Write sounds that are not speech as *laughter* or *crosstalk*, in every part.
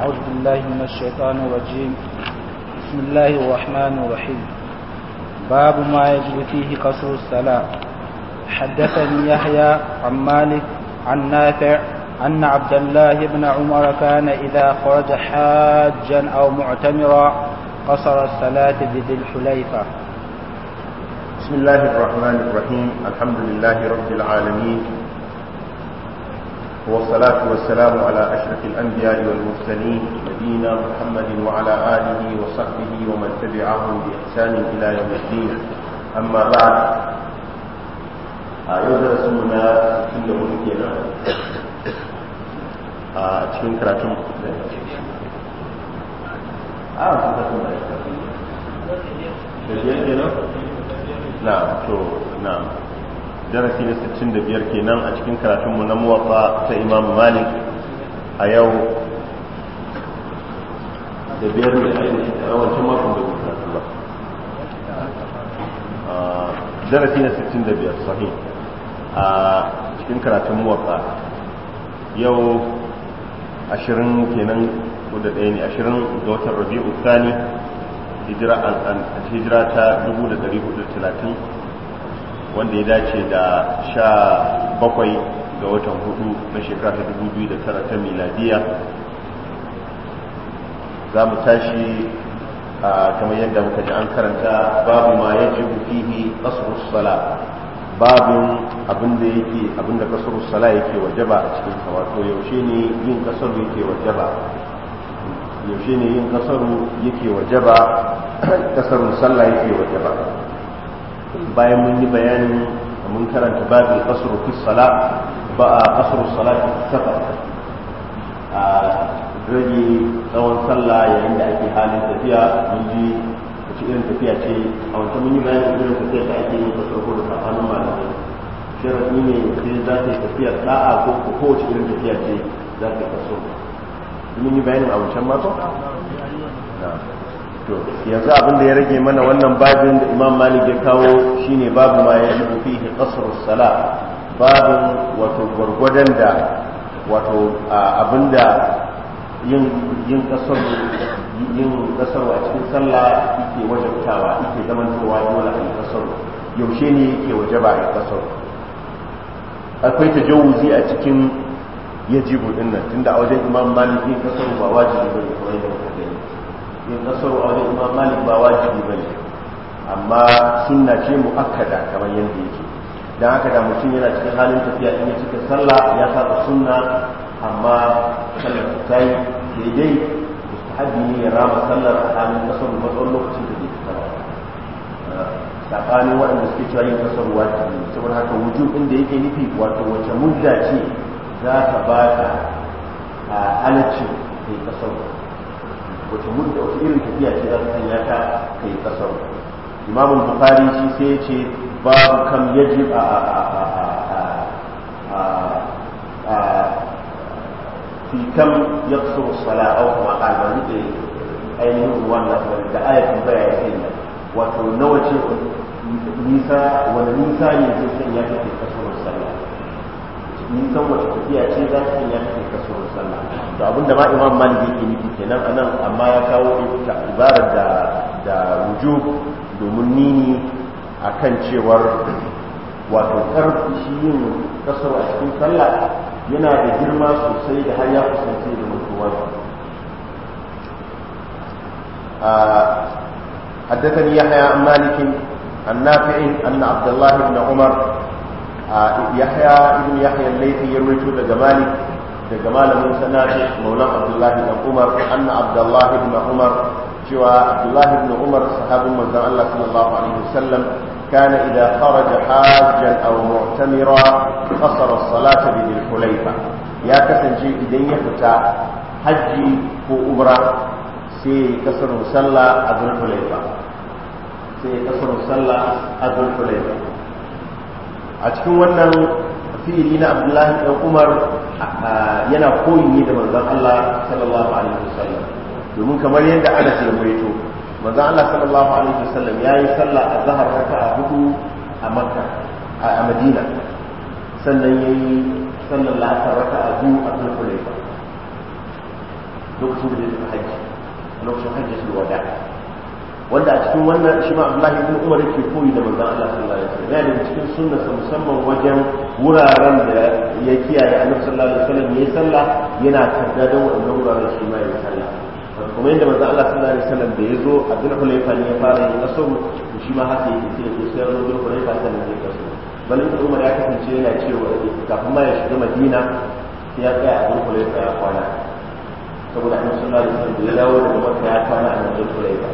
أعوذ بالله من الشيطان الرجيم بسم الله الرحمن الرحيم باب ما يجري فيه قصر الصلاة حدثني يحيى عن مالك عن نافع أن عبد الله بن عمر كان إذا خرج حاجا أو معتمرا قصر الصلاة بذي الحليفة بسم الله الرحمن الرحيم الحمد لله رب العالمين والصلاة والسلام على أشرف الأنبياء والمرسلين نبينا محمد وعلى آله وصحبه ومن تبعهم بإحسان إلى يوم الدين أما بعد أيضا رسولنا كل ممكن أتمنى كراتم آه تفكركم آه، نعم نعم darasi na sittin da 65 kenan a cikin karatunmu na muwaffa ta imam malik a yau da biyar ne a wancan makon da ba karatu ba darasi na sittin da biyar sahi a cikin karatun muwaffa yau ashirin kenan ko da daya ne ashirin ga watan rabi'u tsani hijira ta 1430 wanda ya dace da sha bakwai ga watan hudu na shekara ta dubu biyu da tara ta miladiya za mu tashi kamar yadda muka ji an karanta babu ma ya ji fihi kasurus sala babin abinda da yake abinda da kasurus sala yake wajaba a cikin sa wato yaushe ne yin kasaru yake wajaba yaushe ne yin kasaru yake wajaba kasarun *coughs* sallah yake wajaba bayan mun yi bayanin mun karanta babin kasuru fi sala ba a kasuru salati a rage tsawon sallah yayin da ake halin tafiya mun ji wace irin tafiya ce a wancan mun yi bayanin irin tafiya da ake yi ta ko da safanin malamai sharafi ne ke za ta yi tafiya da'a ko kowace irin tafiya ce za ta yi kaso mun yi bayanin a wancan mako? to yanzu abin da ya rage mana wannan babin da imam malik ya kawo shine babu ma ya shi fihi qasr sala babin wato gwargwadon da wato abin yin yin kasar yin a cikin sallah yake wajabtawa yake zaman cewa dole a kasar yaushe ne yake wajaba a kasar akwai tajawuzi a cikin yajibu dinnan tunda a wajen imam malik yin kasar ba wajibi bane kawai da muka yin nasaru a wajen imam malik ba wajibi ba ne amma sunna ce mu mu'akkada kamar yadda yake don haka da mutum yana cikin halin tafiya in ya cika sallah ya saba sunna amma sallar ta yi daidai mustahabi ne ya rama sallar a halin kasaru lokacin da zai fita tsakanin waɗanda suke cewa yin nasaru wajibi saboda haka wujub inda yake nufi wato wace mudda ce za ta ba ta halaccin yin kasar wata mudda wata irin tafiya ce za ta sanya ta kai kasar imamun bukhari shi sai ya ce babu kam yaji a fi kam yaqsuru as-salat aw kama qala da ainihin wannan da ya sanya wato nawa ce nisa wani nisa ne zai sanya ta kai kasar nisan wata tafiya ce za ta sanya ta kasuwar sallah to abin da ma imam malik yake nufi kenan anan amma ya kawo ita ibarar da da wujub domin nini a kan cewar wato karfi shi yin kasar a cikin sallah yana da girma sosai da har ya kusance da mutuwa حدثني يحيى عن مالك عن نافع أن عبد الله بن عمر yahya ibn yahya laifi ya rawaito daga malik daga malamin sana'a maulan abdullahi ibn umar anna abdullahi ibn umar cewa abdullahi ibn umar sahabin manzon Allah sallallahu alaihi wasallam kana idza kharaja hajjan aw mu'tamira qasara as-salata bi ya kasance idan ya fita hajji ko umra sai kasarun sallah a zulhulaifa sai a cikin wannan fi'ili na abdullahi dan umar yana koyi ne da manzon Allah sallallahu alaihi wasallam domin kamar yadda ana ya rawaito manzon Allah sallallahu alaihi wasallam yi sallah a azhar a hudu a Makka a Madina sannan ya yi sallar la'asar a biyu a Zulhulayfa lokacin da ya tafi hajji lokacin hajji wada wanda a cikin wannan shi ma Abdullahi ibn Umar yake koyi da manzon Allah sallallahu alaihi wasallam yana cikin sunnarsa musamman wajen wuraren da ya kiyaye Annabi sallallahu alaihi wasallam yayin sallah yana tarda da wannan wuraren shi ma yayin sallah kuma yadda manzon Allah sallallahu alaihi wasallam da yazo cikin Hulayfa ne ya fara yin asum shi ma haka yake sai ya sayar da Abdul Hulayfa sallallahu alaihi wasallam balin Umar ya kasance yana cewa kafin ma ya shiga Madina ya tsaya Abdul Hulayfa ya kwana saboda Annabi sallallahu alaihi wasallam ya dawo daga Makka ya kwana a cikin Hulayfa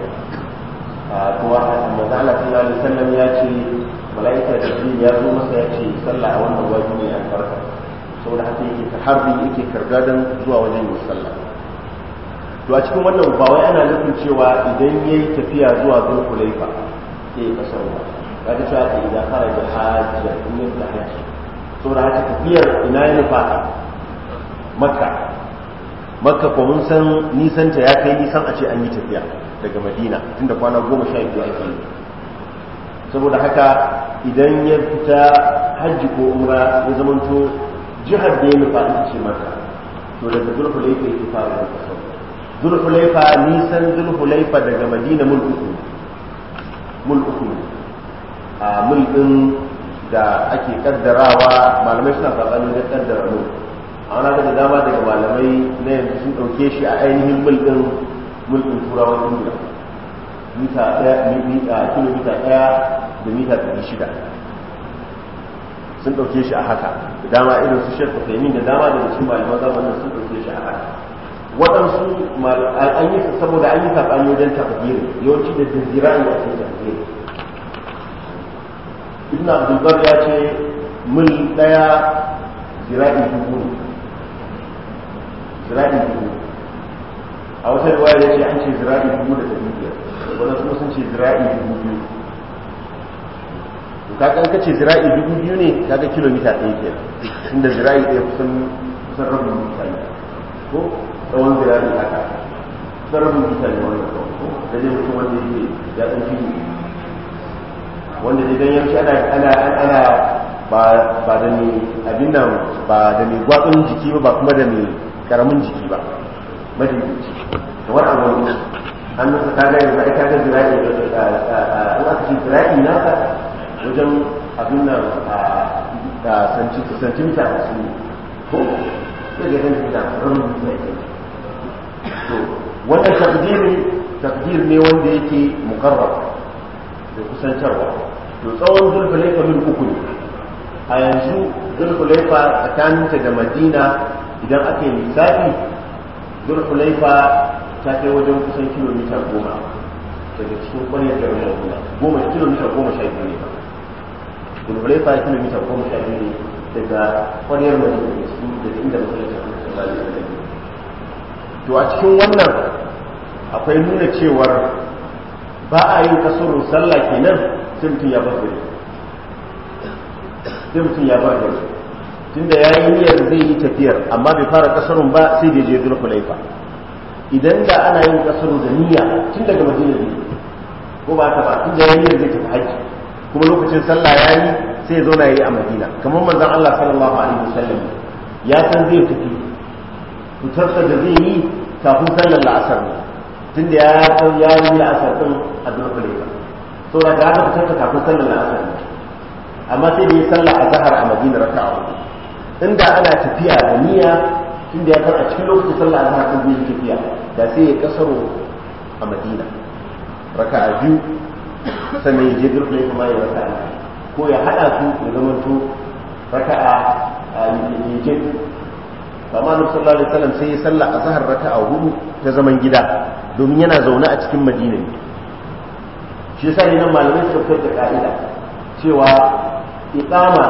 kuma manzo Allah sallallahu alaihi wasallam ya ce malaika jin ya zo masa ya ce sallah a wannan wajen ne albarka saboda haka yake tahabbi yake karga dan zuwa wajen yin sallah to a cikin wannan ba wai ana nufin cewa idan yayi tafiya zuwa zulhulaifa sai ya kasar ba ka ta cewa idan fara da haji in ya haji saboda haka tafiyar ina ne fa makka makka ko mun san nisan ta ya kai nisan a ce an yi tafiya daga madina tunda kwana goma sha biyu ake yi saboda haka idan ya fita hajji ko umra ya zamanto jihar da ya nufa ita ce maka to daga zulhulaifa yake fara a kasau zulhulaifa nisan zulhulaifa daga madina mul uku mul uku a mul din da ake kaddarawa malamai suna tsakanin da kaddara mul an haka da dama daga malamai na yanzu sun ɗauke shi a ainihin mulkin mulkin turawan ingila mita ɗaya mita kilomita ɗaya da mita ɗari shida sun ɗauke shi a haka da dama irin su shekku taimin da dama daga cikin malaman zamanin sun ɗauke shi a haka waɗansu an yi saboda an yi saɓani wajen tafiyar yawanci da zinzirani a cikin tafiyar ibn abdulbar ya ce mil ɗaya zira'i dubu ne zira'i dubu a wata ruwa ya ce an ce zira'i dubu da ɗari biyar wani kuma sun ce zira'i dubu biyu to ka kan kace zira'i dubu biyu ne kaga kilomita ɗaya ke tunda zira'i ɗaya kusan kusan rabin mita ne ko tsawon zira'i haka kusan rabin mita ne wannan ko da dai mutum wanda yake ya ɗan fi wanda dai dan yanki ana ana ana ba da mai abin nan ba da mai gwatsun jiki ba ba kuma da mai karamin jiki ba majalici Da wani abu ne hannunsa ka ga yanzu ai ka ga zira'i an eh, eh, eh, aka ce zira'i na ka wajen abin nan ah, a santimita a su ko sai ga yanzu da ramin jiki ne to wannan takdiri takdir ne wanda yake mukarrar da kusantarwa to tsawon zulfulaifa min uku ne a yanzu zulfulaifa tsakaninta da madina idan aka yi lissafi zulhulaifa ta kai wajen kusan kilomita goma daga cikin kwanar da wani abuwa goma kilomita goma sha biyu ne ba zulhulaifa kilomita goma sha biyu ne daga kwanar da wani cikin daga inda masallacin Allah sallallahu alaihi wasallam to a cikin wannan akwai nuna cewar ba a yin kasurun sallah kenan sai mutum ya bar gari sai mutum ya bar gari tunda ya yi niyyar zai yi tafiyar amma bai fara kasarun ba sai da je zul kulaifa idan da ana yin kasaru da niyya tun daga madina ne ko ba ta ba tun da ya yi zai tafi haji kuma lokacin sallah ya yi sai ya zauna ya yi a madina kamar manzon Allah sallallahu alaihi wasallam ya san zai tafi fitarsa da zai yi kafin sallar la'asar ne tun da ya san ya yi la'asar din a zul hulaifa saboda ga haka fitarsa kafin sallar la'asar ne amma sai da ya sallah a zahar a madina raka'a inda ana tafiya da niyya inda ya san a cikin lokacin sallah ana ko biyu tafiya da sai ya kasaro a madina raka'a biyu sannan ya je gurbe kuma ya raka'a ko ya hada su ya zama to raka'a a je ba ma nabi sallallahu alaihi wasallam sai ya sallah azhar raka'a hudu ta zaman gida domin yana zaune a cikin madina ne shi yasa ne nan malamai suka fitar da ka'ida cewa iqama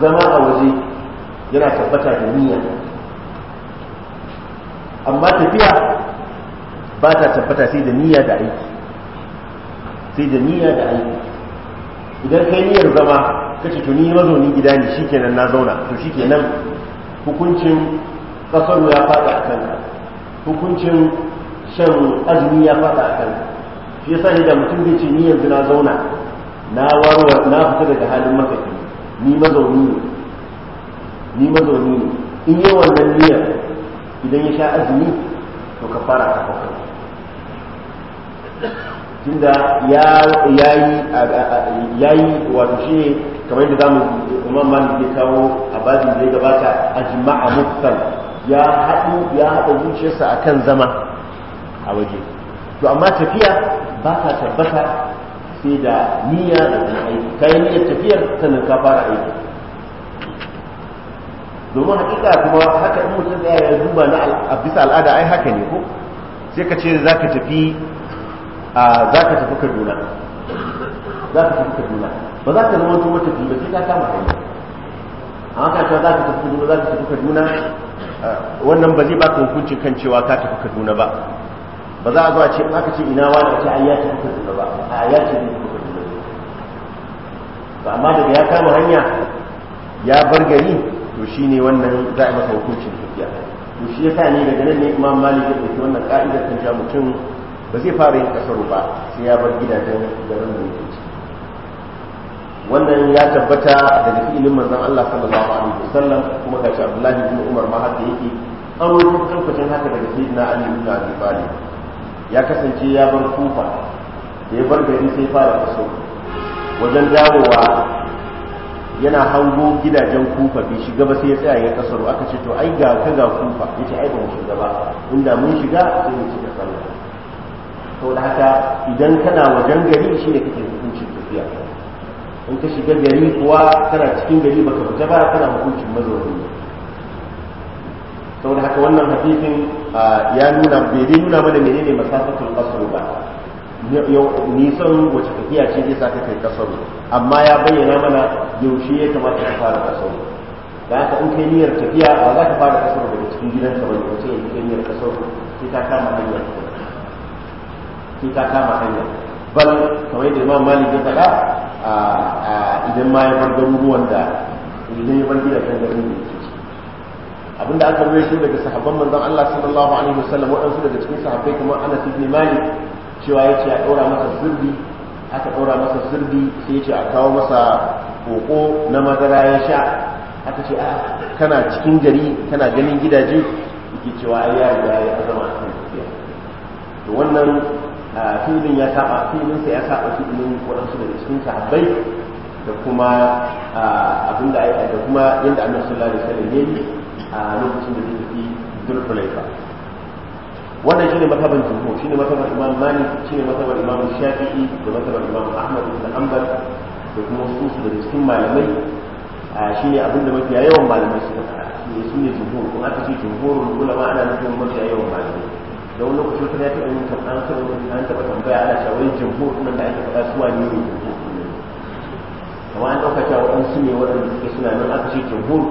zama a waje yana tabbata da niyya amma tafiya ba ta tabbata sai da niyya da aiki sai da niyya da aiki idan kai niyyar zama kace to ni mazauni gida ne shikenan na zauna to shikenan hukuncin kasaru ya fada a kanka hukuncin shan azumi ya fada a kanka shi yasa ne da mutum zai ce ni yanzu na zauna na warwa na fita daga halin makafi ni mazauni ne ni mazauni ne in yi wannan niyyar idan ya sha azumi to ka fara ta bakwai tunda ya yi wato shi kamar yadda zamu imam malik ya kawo a bazin da ya gabata a jima'a muftal ya haɗu ya haɗa zuciyarsa kan zama a waje to amma tafiya ba ta tabbata sai da niyya da aiki kayan niyyar tafiyar sannan ka fara aiki domin hakika kuma haka in mutum ya yi duba na bisa al'ada ai haka ne ko sai ka ce za ka tafi a za ka tafi kaduna za ka tafi kaduna ba za ka zama tuwa tafi ba sai ka kama kai amma ka ce za ka tafi kaduna za ka tafi kaduna wannan ba zai baka hukuncin kan cewa ka tafi kaduna ba ba za a zuwa ce aka ce ina wa a ce ai ya tafi kaduna ba a ya ce ne tafi kaduna ba amma daga ya kama hanya ya bar gari to shi ne wannan za a masa hukuncin tafiya to shi yasa ne daga nan ne imam malik ya ɗauki wannan ka'idar kan mutum ba zai fara yin kasaru ba sai ya bar gidajen garin da yake wannan ya tabbata daga ilimin manzon Allah sallallahu alaihi wasallam kuma ga Abdullahi bin Umar ma haka yake an rubuta haka daga sayyidina Ali bin Abi Talib ya kasance ya bar kufa da ya bar gari sai fara kaso wajen dawowa yana hango gidajen kufa bai shiga ba sai ya tsaya ya kasaro aka ce to ai ga ka ga kufa ya ce ai ba mu shiga ba inda mun shiga sai mu shiga sallah to da haka idan kana wajen gari shi ne kake hukuncin tafiya in ka shiga gari kuwa kana cikin gari baka fita ba kana hukuncin mazauni saboda haka wannan hadisin ah, ya nuna bai dai nuna mana menene masafatul qasr ba nisan wace tafiya ce zai sake kai kasar. amma ya bayyana mana yaushe ya kamata ka fara kasar. da aka in kai niyyar tafiya ba za ka fara kasar daga cikin gidan ba bane wace yanzu kai niyyar kasar. sai ta kama hanya sai ta kama hanya bal kamar yadda imam malik ya faɗa idan ma ya bar garuruwan da idan ya bar gidajen garin da yake abinda aka shi daga sahabban manzon Allah sallallahu alaihi wasallam waɗansu daga cikin sahabbai kamar Anas ibn Malik cewa ya ce a ɗora masa sirri aka ɗora masa sirri sai ce a kawo masa koko na madara ya sha aka ce a kana cikin gari kana ganin gidaje yake cewa ai ya riga ya azama a kan tafiya to wannan filin ya saba filin sa ya saba filin waɗansu daga cikin sahabbai da kuma abinda da kuma yadda annabi sallallahu alaihi wasallam ya yi a lokacin da zai tafi durkulaifa wannan shine mazhaban jumhur shine mazhaban imam malik shine mazhaban imam shafi'i da mazhaban imam ahmad ibn hanbal da kuma wasu da cikin malamai shine abinda mafiya yawan malamai suka fara shine shine jumhur kuma aka ce jumhurul ulama ana nufin mafiya yawan malamai da wani lokacin ta ya taɓa yin an taɓa an taɓa tambaya ana cewa wai jumhur nan da ake faɗa su wani ne jumhur amma an ɗauka cewa su ne waɗanda suke suna nan aka ce jumhur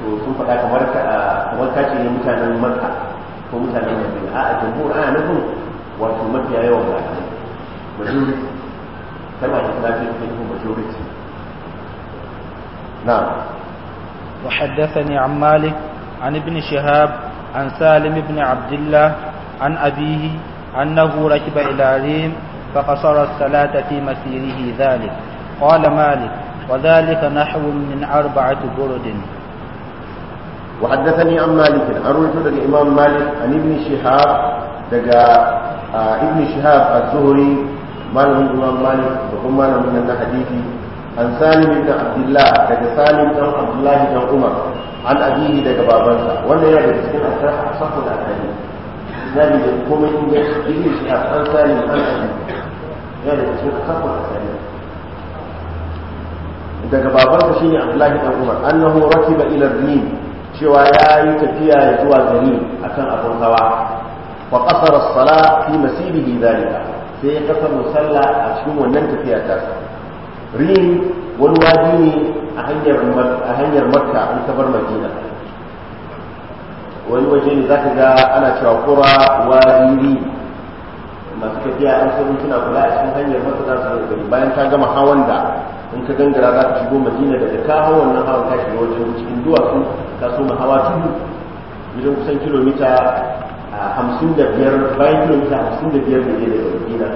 to sun faɗa ka kamar ka ce ne mutanen makka ko mutane da bin a jumhur ana nufin wato mafiya yawan malamai majority da kuma majority نعم وحدثني عن مالك عن ابن شهاب عن سالم بن عبد الله عن أبيه أنه ركب إلى ريم فقصر الصلاة في مسيره ذلك قال مالك وذلك نحو من أربعة برد وحدثني عن مالك عن رجل الإمام مالك عن ابن شهاب دقى ابن شهاب الزهري مال من الإمام مالك وكم مال من الحديث عن سالم بن عبد الله دقى سالم بن عبد الله بن عمر عن أبيه دقى بابنسا وانا يا دقى سكين أصح الأحاديث ذلك يقوم إن ابن شهاب عن سالم عن أبيه يا دقى سكين أصح الأحاديث daga babansa shine Abdullahi dan Umar annahu rakiba ila Rim cewa ya yi tafiya ya zuwa gari a kan abin hawa wa ƙasar sala fi masirihi zalika sai ya kasar musalla a cikin wannan tafiya ta rin wani waji ne a hanyar makka in ka bar madina wani waje ne za ka ga ana cewa kura wari masu tafiya an sun suna kula a cikin hanyar makka za su gari bayan ta gama hawan da in ka gangara za ka shigo madina daga ka hau wannan hawan ka shiga wajen cikin duwatsu ka so hawa tudu gidan kusan kilomita hamsin da biyar bayan kilomita hamsin da biyar da ke daga madina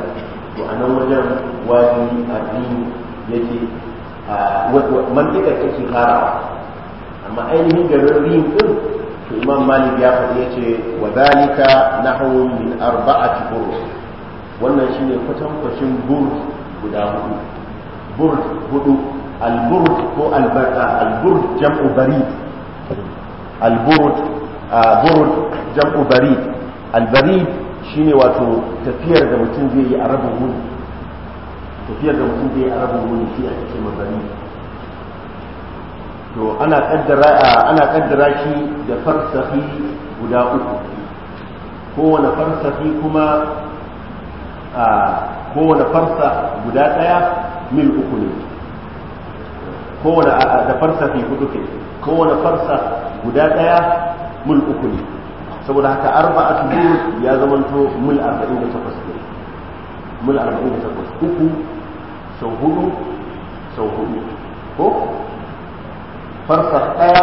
to a nan wajen wani addini yake mantikar take fara amma ainihin garin rin din to imam malik ya faɗi ya ce wa zalika arba'a min arba'ati burus wannan shine kwatankwacin burus guda hudu burd hudu alburd ko alburd jam'u barid alburd burd jam'u barid albarid shine wato tafiyar da mutum zai yi a rabin tafiyar da mutum zai yi a rabin shi ake ce mabari to ana kaddara shi da farsahi guda uku kowane kuma a farsa guda ɗaya. mil uku ne kowane da farsa fi hudu ke kowane farsa guda daya mil uku ne saboda haka arba mil ya zamanto mil takwas ne mil takwas uku sau hudu sau hudu ko farsa daya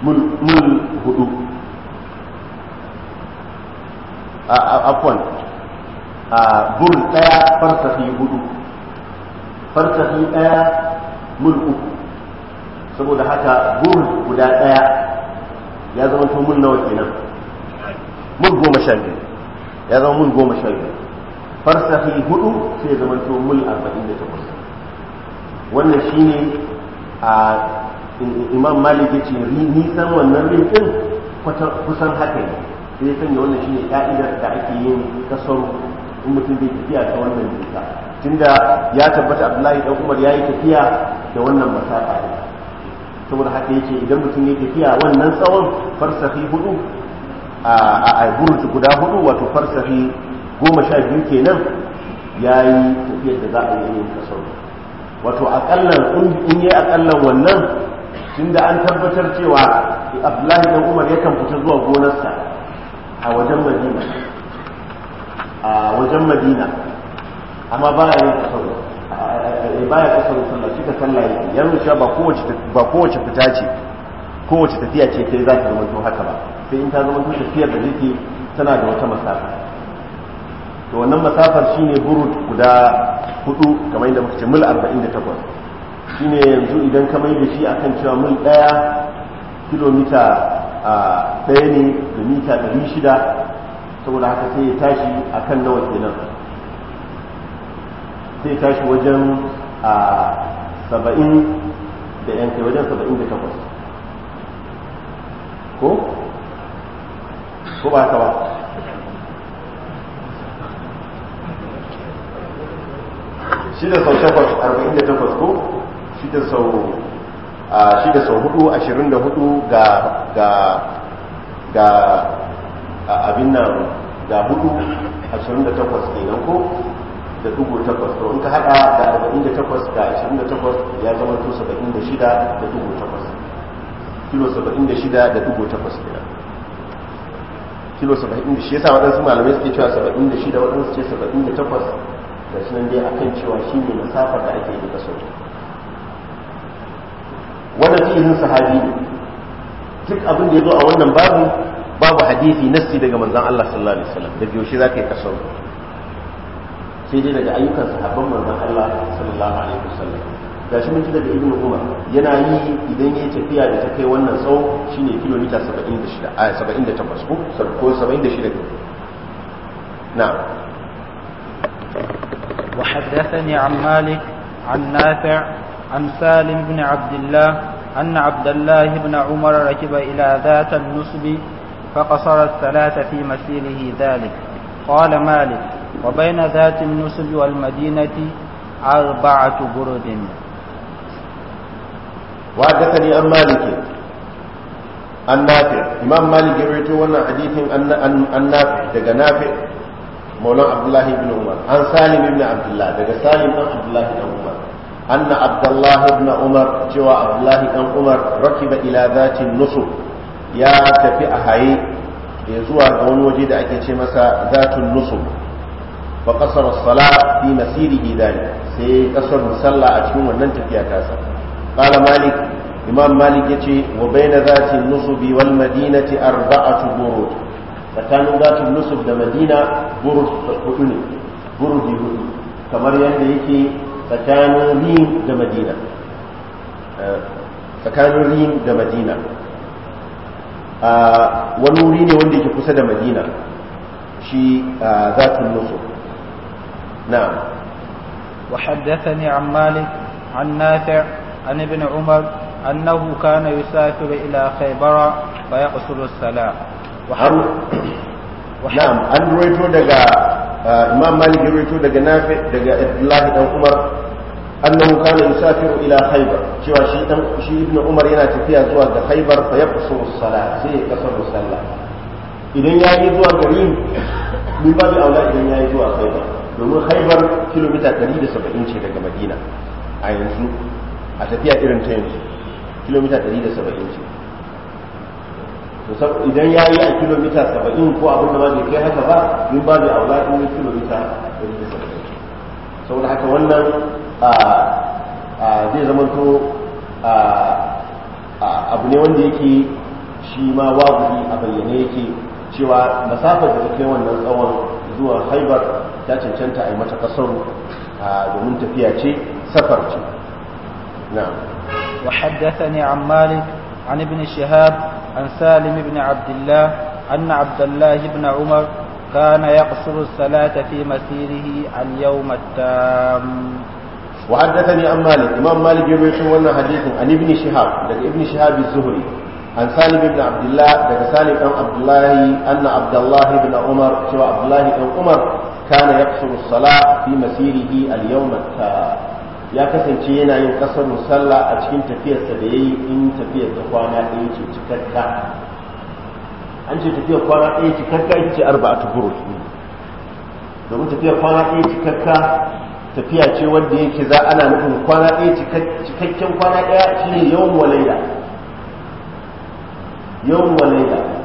mil hudu a afwan a bur daya farsa fi hudu Farsafi ɗaya mul uku saboda haka bur guda ɗaya ya zama to mul nawa kenan mul goma sha biyu ya zama mul goma sha biyu Farsafi hudu sai ya zama to mul arba'in da takwas wannan shine a imam malik ya ce nisan wannan rin din kusan haka ne sai ya sanya wannan shine ka'idar da ake yin kasar in mutum bai tafiya ta wannan nisa tunda ya tabbata abdullahi dan umar ya yi tafiya da wannan masaka ne saboda haka yake idan mutum ya tafiya wannan tsawon farsafi hudu a burutu guda hudu wato farsafi goma sha biyu kenan ya yi tafiyar da za a yi yin kaso wato akallan in yi akallan wannan tunda an tabbatar cewa abdullahi dan umar yakan fita zuwa gonarsa a wajen madina a wajen madina amma ba ya yin kasar eh, ba ya kasar sallah shi ka sallah yake yanzu cewa ba kowace fita ce kowace tafiya ce kai za ta zama to haka ba sai in ta zama to tafiyar da zai tana da wata masafa to wannan masafar shine burud guda hudu kamar yadda muka ce mil 48 shine yanzu idan ka mai da shi akan cewa mil ɗaya kilomita ɗaya ne da mita ɗari shida saboda haka sai ya tashi akan nawa kenan zai tashi wajen a saba'in da yanke wajen saba'in da takwas ko ko ba ka ba shi da sau takwas arba'in da takwas ko shi da sau shi da sau hudu ashirin da hudu ga ga ga abin nan ga hudu ashirin da takwas kenan ko da dubu takwas to in ka hada da arba'in da takwas da ashirin da takwas ya zama to saba'in da shida da dubu takwas kilo saba'in da shida da dubu takwas kenan kilo saba'in da shi yasa waɗansu malamai suke cewa saba'in da shida waɗansu ce saba'in da takwas da shi nan dai akan cewa shi ne masafar da ake yi kaso sauki wannan fi'ilin sahabi ne duk abin da ya zo a wannan babu babu hadisi nassi daga manzon Allah sallallahu alaihi wasallam da biyo shi zaka yi kaso sai dai daga ayyukan sahabban manzon Allah sallallahu alaihi wasallam gashi mun ji daga ibnu umar yana yi idan yayi tafiya da ta kai wannan tsawo shine kilomita 76 a 78 ko ko 76 na'am وحدثني عن مالك عن نافع عن سالم بن عبد الله أن عبد الله بن عمر ركب إلى ذات النصب فقصر الثلاث في مسيره ذلك قال مالك وبين ذات النسب والمدينة أربعة برد وحدثني عن مالك عن نافع إمام مالك يرويته وانا حديث عن نافع دقى نافع مولى عبد الله بن عمر عن سالم بن عبد الله دقى سالم بن عبد الله بن عمر أن عبد الله بن عمر جوا عبد الله بن عمر ركب إلى ذات النسب يا تفي أهي يزوى قول وجد أكي مسا ذات النسب fa qasara as-salah fi masirihi dalik sai kasar sallah a cikin wannan tafiya tasa qala malik imam malik yace wa baina zati nusubi wal madinati arba'atu burud tsakanin zati nusub da madina burud hudu ne burud hudu kamar yadda yake tsakanin eh, tsakanin rim da madina ah, wani wuri ne wanda yake kusa da madina shi zatin ah, nusub نعم وحدثني عن مالك عن نافع عن ابن عمر أنه كان يسافر إلى خيبر فيقصر السلام وحد... نعم أن رويتو دقا إمام مالك رويتو دقا نافع دقا الله بن عمر أنه كان يسافر إلى خيبر شوى شيء ابن عمر يناتي فيها زواج خيبر فيقصر الصلاة سي قصر الصلاة إذن يأتي زواج قريب من باب أولاد إذن يأتي زواج خيبر domin haibar kilomita 170 ce daga madina a yanzu a tafiya irin ta yanzu kilomita 170 ce idan ya yi a kilomita 70 ko abin da ba zai kai haka ba in ba zai aula in yi kilomita 170 saboda haka wannan zai zama to abu ne wanda yake shi ma wajibi a bayyane yake cewa masafar da ta kai wannan tsawon zuwa haibar ta cancanta a yi mata kasaru a domin tafiya ce safar ce na wa haddasa an malik an umar malik ya bai wannan hadisin an ibn shahab daga ibn shahab zuhuri عن سالم بن عبد الله ده سالم بن عبد الله أن عبد الله بن عمر شو عبد كان يقصر الصلاة في مسيره اليوم يا ya kasance yana yin kasarun تفير a cikin tafiyarsa da yayi in tafiyar تفير kwana ɗaya ce cikakka an ce kwana ɗaya cikakka domin tafiyar kwana ɗaya cikakka tafiya ce wanda yake za ana nufin kwana ɗaya cikakken kwana ɗaya shine yawan walayya yawan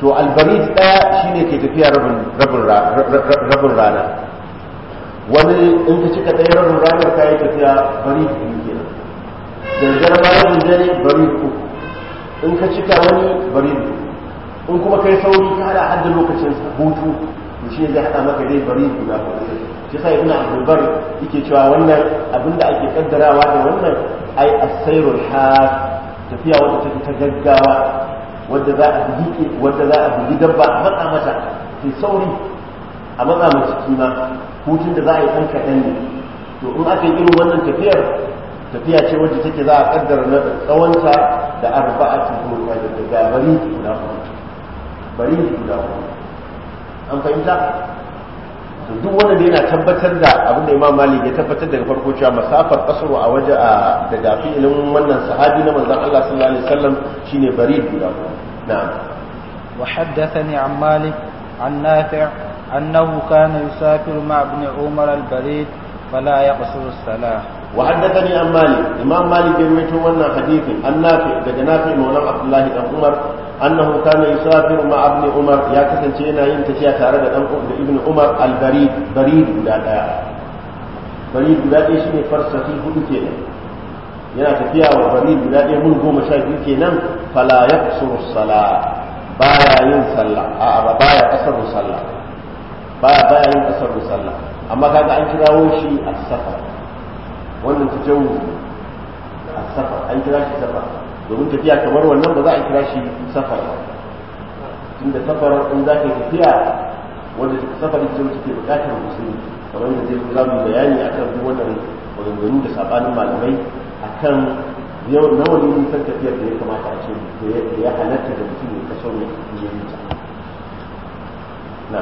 to albarid ɗaya shine ke tafiya rabin rana wani in ka cika ɗaya rabin rana ka yi tafiya bari biyu kenan da bayan zanzare bari uku in ka cika wani bari biyu in kuma kai sauri ka hada hadda lokacin hutu to shi zai hada maka dai bari guda shi sai ibn abdulbar yake cewa wannan abinda ake kaddarawa da wannan ai as-sayrul has tafiya wata take ta gaggawa wanda za a bugi wanda za a dabba a matsa mata ke sauri a matsa mata kima hutun da za a yi ɗan kaɗan ne to in aka yi irin wannan tafiyar tafiya ce wacce take za a kaddara na tsawonta da arba'atu ko da gabari guda bari guda an fahimta to duk wanda da yana tabbatar da abin da imam malik ya tabbatar daga farko cewa masafar kasru a waje a daga fi'ilin wannan sahabi na manzon Allah sallallahu alaihi wasallam shine barid guda na'am wa haddathani an malik an nafi' annahu kana yusafiru ma ibn umar al-barid fala yaqsuru as-salah وحدثني عن مالك امام مالك يروي wannan hadithin an nafi daga nafi maulana abdullahi dan umar annahu kana yusafiru ma ibn umar ya kasance yana yin tafiya tare da dan da ibn umar al-barid barid guda daya barid guda daya shine farsafi hudu kenan yana tafiya wa barid guda daya mun goma sha biyu kenan fala yaqsuru salat baya yin sallah a'a ba baya kasar sallah baya baya yin kasar sallah amma kaga an kirawo shi wannan an kira shi domin tafiya kamar wannan ba za a kira shi safar ba tunda safar in za ka yi tafiya wanda safar ita wacce ke bukatar musulmi kamar yadda zai za mu bayani akan duk wannan maganganu da sabanin malamai akan yau nawa ne nisan tafiyar da ya kamata a ce da ya halatta da mutum ya kaso ne ya yi ta na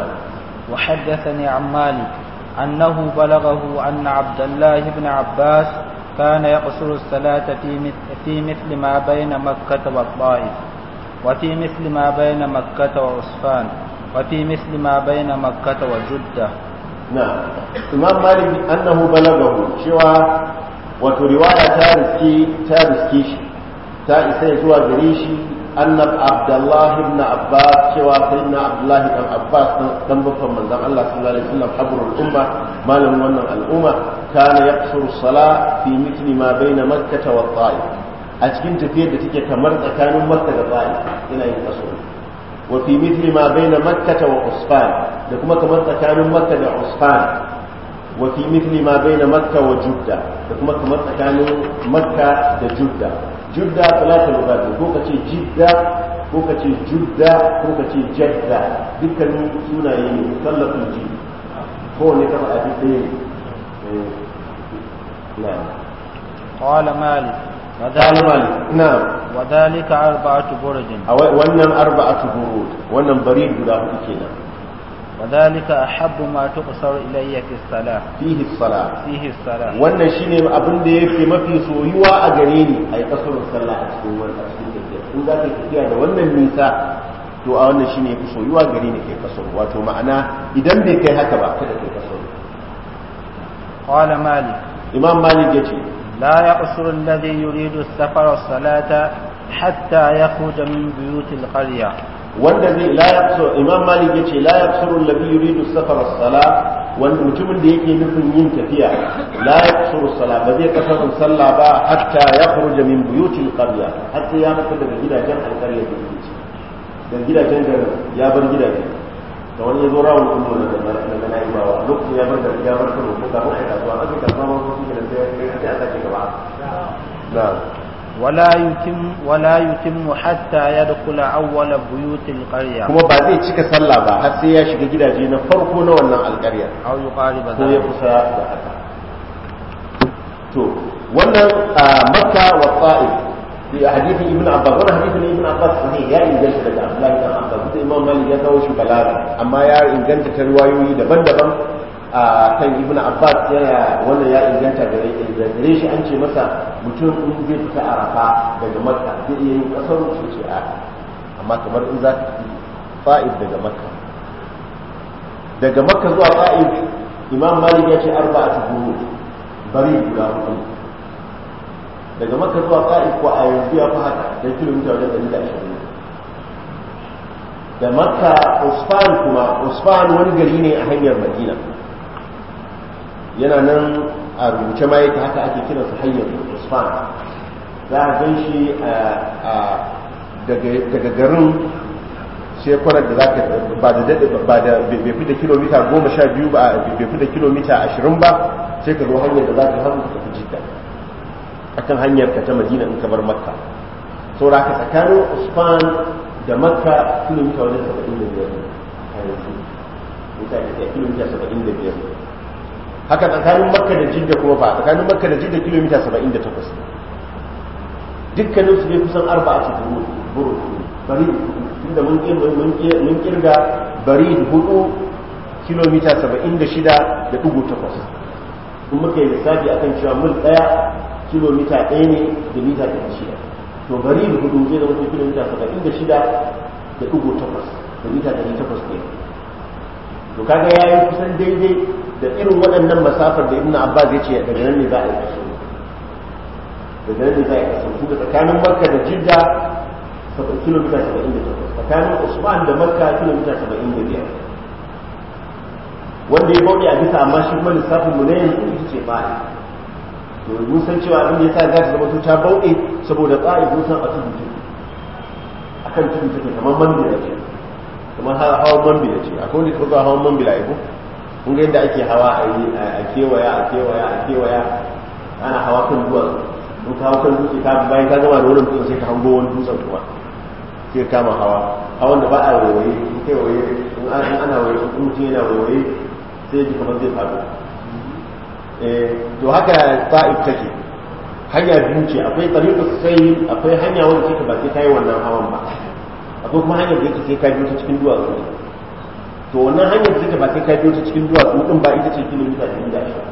وحدثني عن مالك أنه بلغه أن عبد الله بن عباس كان يقصر الصلاة في في مثل ما بين مكة والطائف وفي مثل ما بين مكة وعصفان وفي مثل ما بين مكة وجدة نعم إمام مالك أنه بلغه شوى وترواية تارسكي تارسكيش ta isa ya zuwa gare shi annab abdullahi ibn abbas cewa sayyidina abdullahi ibn abbas dan babban manzon Allah sallallahu alaihi wasallam habrul umma malam wannan al'umma kana yaqsuru sala fi mithli ma baina makkah wa ta'if a cikin tafiyar da take kamar tsakanin makkah da ta'if ina yin kaso wa fi mithli ma baina makkah wa usfan da kuma kamar tsakanin makkah da usfan wa fi mithli ma baina makkah wa da kuma kamar tsakanin da judda judda talata lugati ko ka ce jidda ko ka ce judda ko ka ce jadda dukkanin sunaye ne musallafin ji ko ne kafa a duk ɗaya ne قال مالك وذلك مالك نعم وذلك أربعة برج أو أربعة برود ونم بريد لا كنا وذلك أحب ما تقصر إلي في الصلاة فيه الصلاة فيه الصلاة وأن شيني أبن دي في ما في سويوا أجريني أي قصر الصلاة أسكن والأسكن in za ka tafiya da wannan nisa to a wannan shine fi soyuwa gari ne kai kasar wato ma'ana idan bai kai haka ba kada kai kasar qala malik imam malik yace la yaqsuru alladhi yuridu as-safara salata hatta ya min buyuti al-qarya wanda zai la yaqsur imam malik yace la yaqsur alladhi yuridu safar as-sala wanda mutumin da yake nufin yin tafiya la yaqsur as-sala ba zai kasarin sallah ba hatta ya yakhruja min buyutil qarya hatta ya mutu daga gidajen alƙarya da yake ci daga gidajen da ya bar gidaje da wani ya zo rawun na daga na'ibawa lokacin ya bar da ya bar kano ko kafin a kasuwa aka kasuwa ma ko suke da sai ya ce a sake gaba na'am wala yutim wala yutim hatta yadkhula awwala buyutil qarya kuma ba zai cika sallah ba har sai ya shiga gidaje na farko na wannan alƙarya aw yuqariba ko ya kusa da haka to wannan makka wa ta'if fi حديث ibn عباس وانا حديث ibn abbas ne ya inganta جلت daga Abdullahi ibn Abbas da Imam Malik ya kawo shi balaga amma ya inganta ta riwayoyi daban-daban a kan ibn abbas yana wanda ya inganta gare gare shi an ce masa mutum in zai fita arafa daga makka zai iya yin kasar su ce a amma kamar in za ka fi fa'id daga makka daga makka zuwa fa'id imam malik ya ce arba a tuhu bari guda hudu daga makka zuwa fa'id ko a yanzu ya fi haka don kilomita wajen ɗari da ashirin da makka usfan kuma usfan wani gari ne a hanyar madina yana nan a rubuce ma yake haka ake kira su hayyar usman za a gan shi daga garin shekwarar da za ka ba da ba da bai fi da kilomita goma sha biyu ba bai fi da kilomita ashirin ba sai ka zo hanyar da za ka hannu ka fi a kan hanyar ka ta madina in ka bar makka saura ka tsakanin usman da makka kilomita wani saba'in da biyar a yanzu mutane kilomita saba'in da biyar haka tsakanin makka da jidda kuma ba tsakanin makka da jidda kilomita 78 dukkanin su ne kusan arba'a ta buru bari tunda mun mun kirga bari hudu kilomita 76 da dugu takwas kun muka yi lissafi akan cewa mil daya kilomita ɗaya ne da mita da shida to bari hudu zai wata kilomita 76 da dugu takwas da mita ɗari takwas ne to kaga ya yi kusan daidai da irin waɗannan masafar da ibn abbas ya ce daga nan ne za a yi kaso daga nan ne za a yi kaso tunda tsakanin makka da jidda kilomita saba'in da takwas tsakanin usman da makka kilomita saba'in da biyar wanda ya bauɗe a bisa amma shi kuma lissafin mu na yanzu ita ce ba'a to mun san cewa abin da yasa za ta zama ta bauɗe saboda ba'a mun san a tudu akan tudu take kamar mandira ke. kamar hawan mambila ce akwai wanda kuka hawan mambila ya kun ga yadda ake hawa a kewaya a kewaya a kewaya ana hawa kan duwatsu don ka hawa kan dutse ka bayan ka gama da wurin dutsen sai ka hango wani dutsen kuma sai kama hawa hawan da ba a waye in kai waye in ana waye in mutum yana waye sai ji kamar zai faɗo eh, to haka ta'ib take hanya biyu ce akwai tsariƙa sai akwai hanya wanda take ba sai ta yi wannan hawan ba akwai kuma hanyar da yake sai ka biyo ta cikin duwatsu ne to wannan hanyar da ba sai ka biyo ta cikin duwatsu din ba ita ce kilomita ɗari da ashirin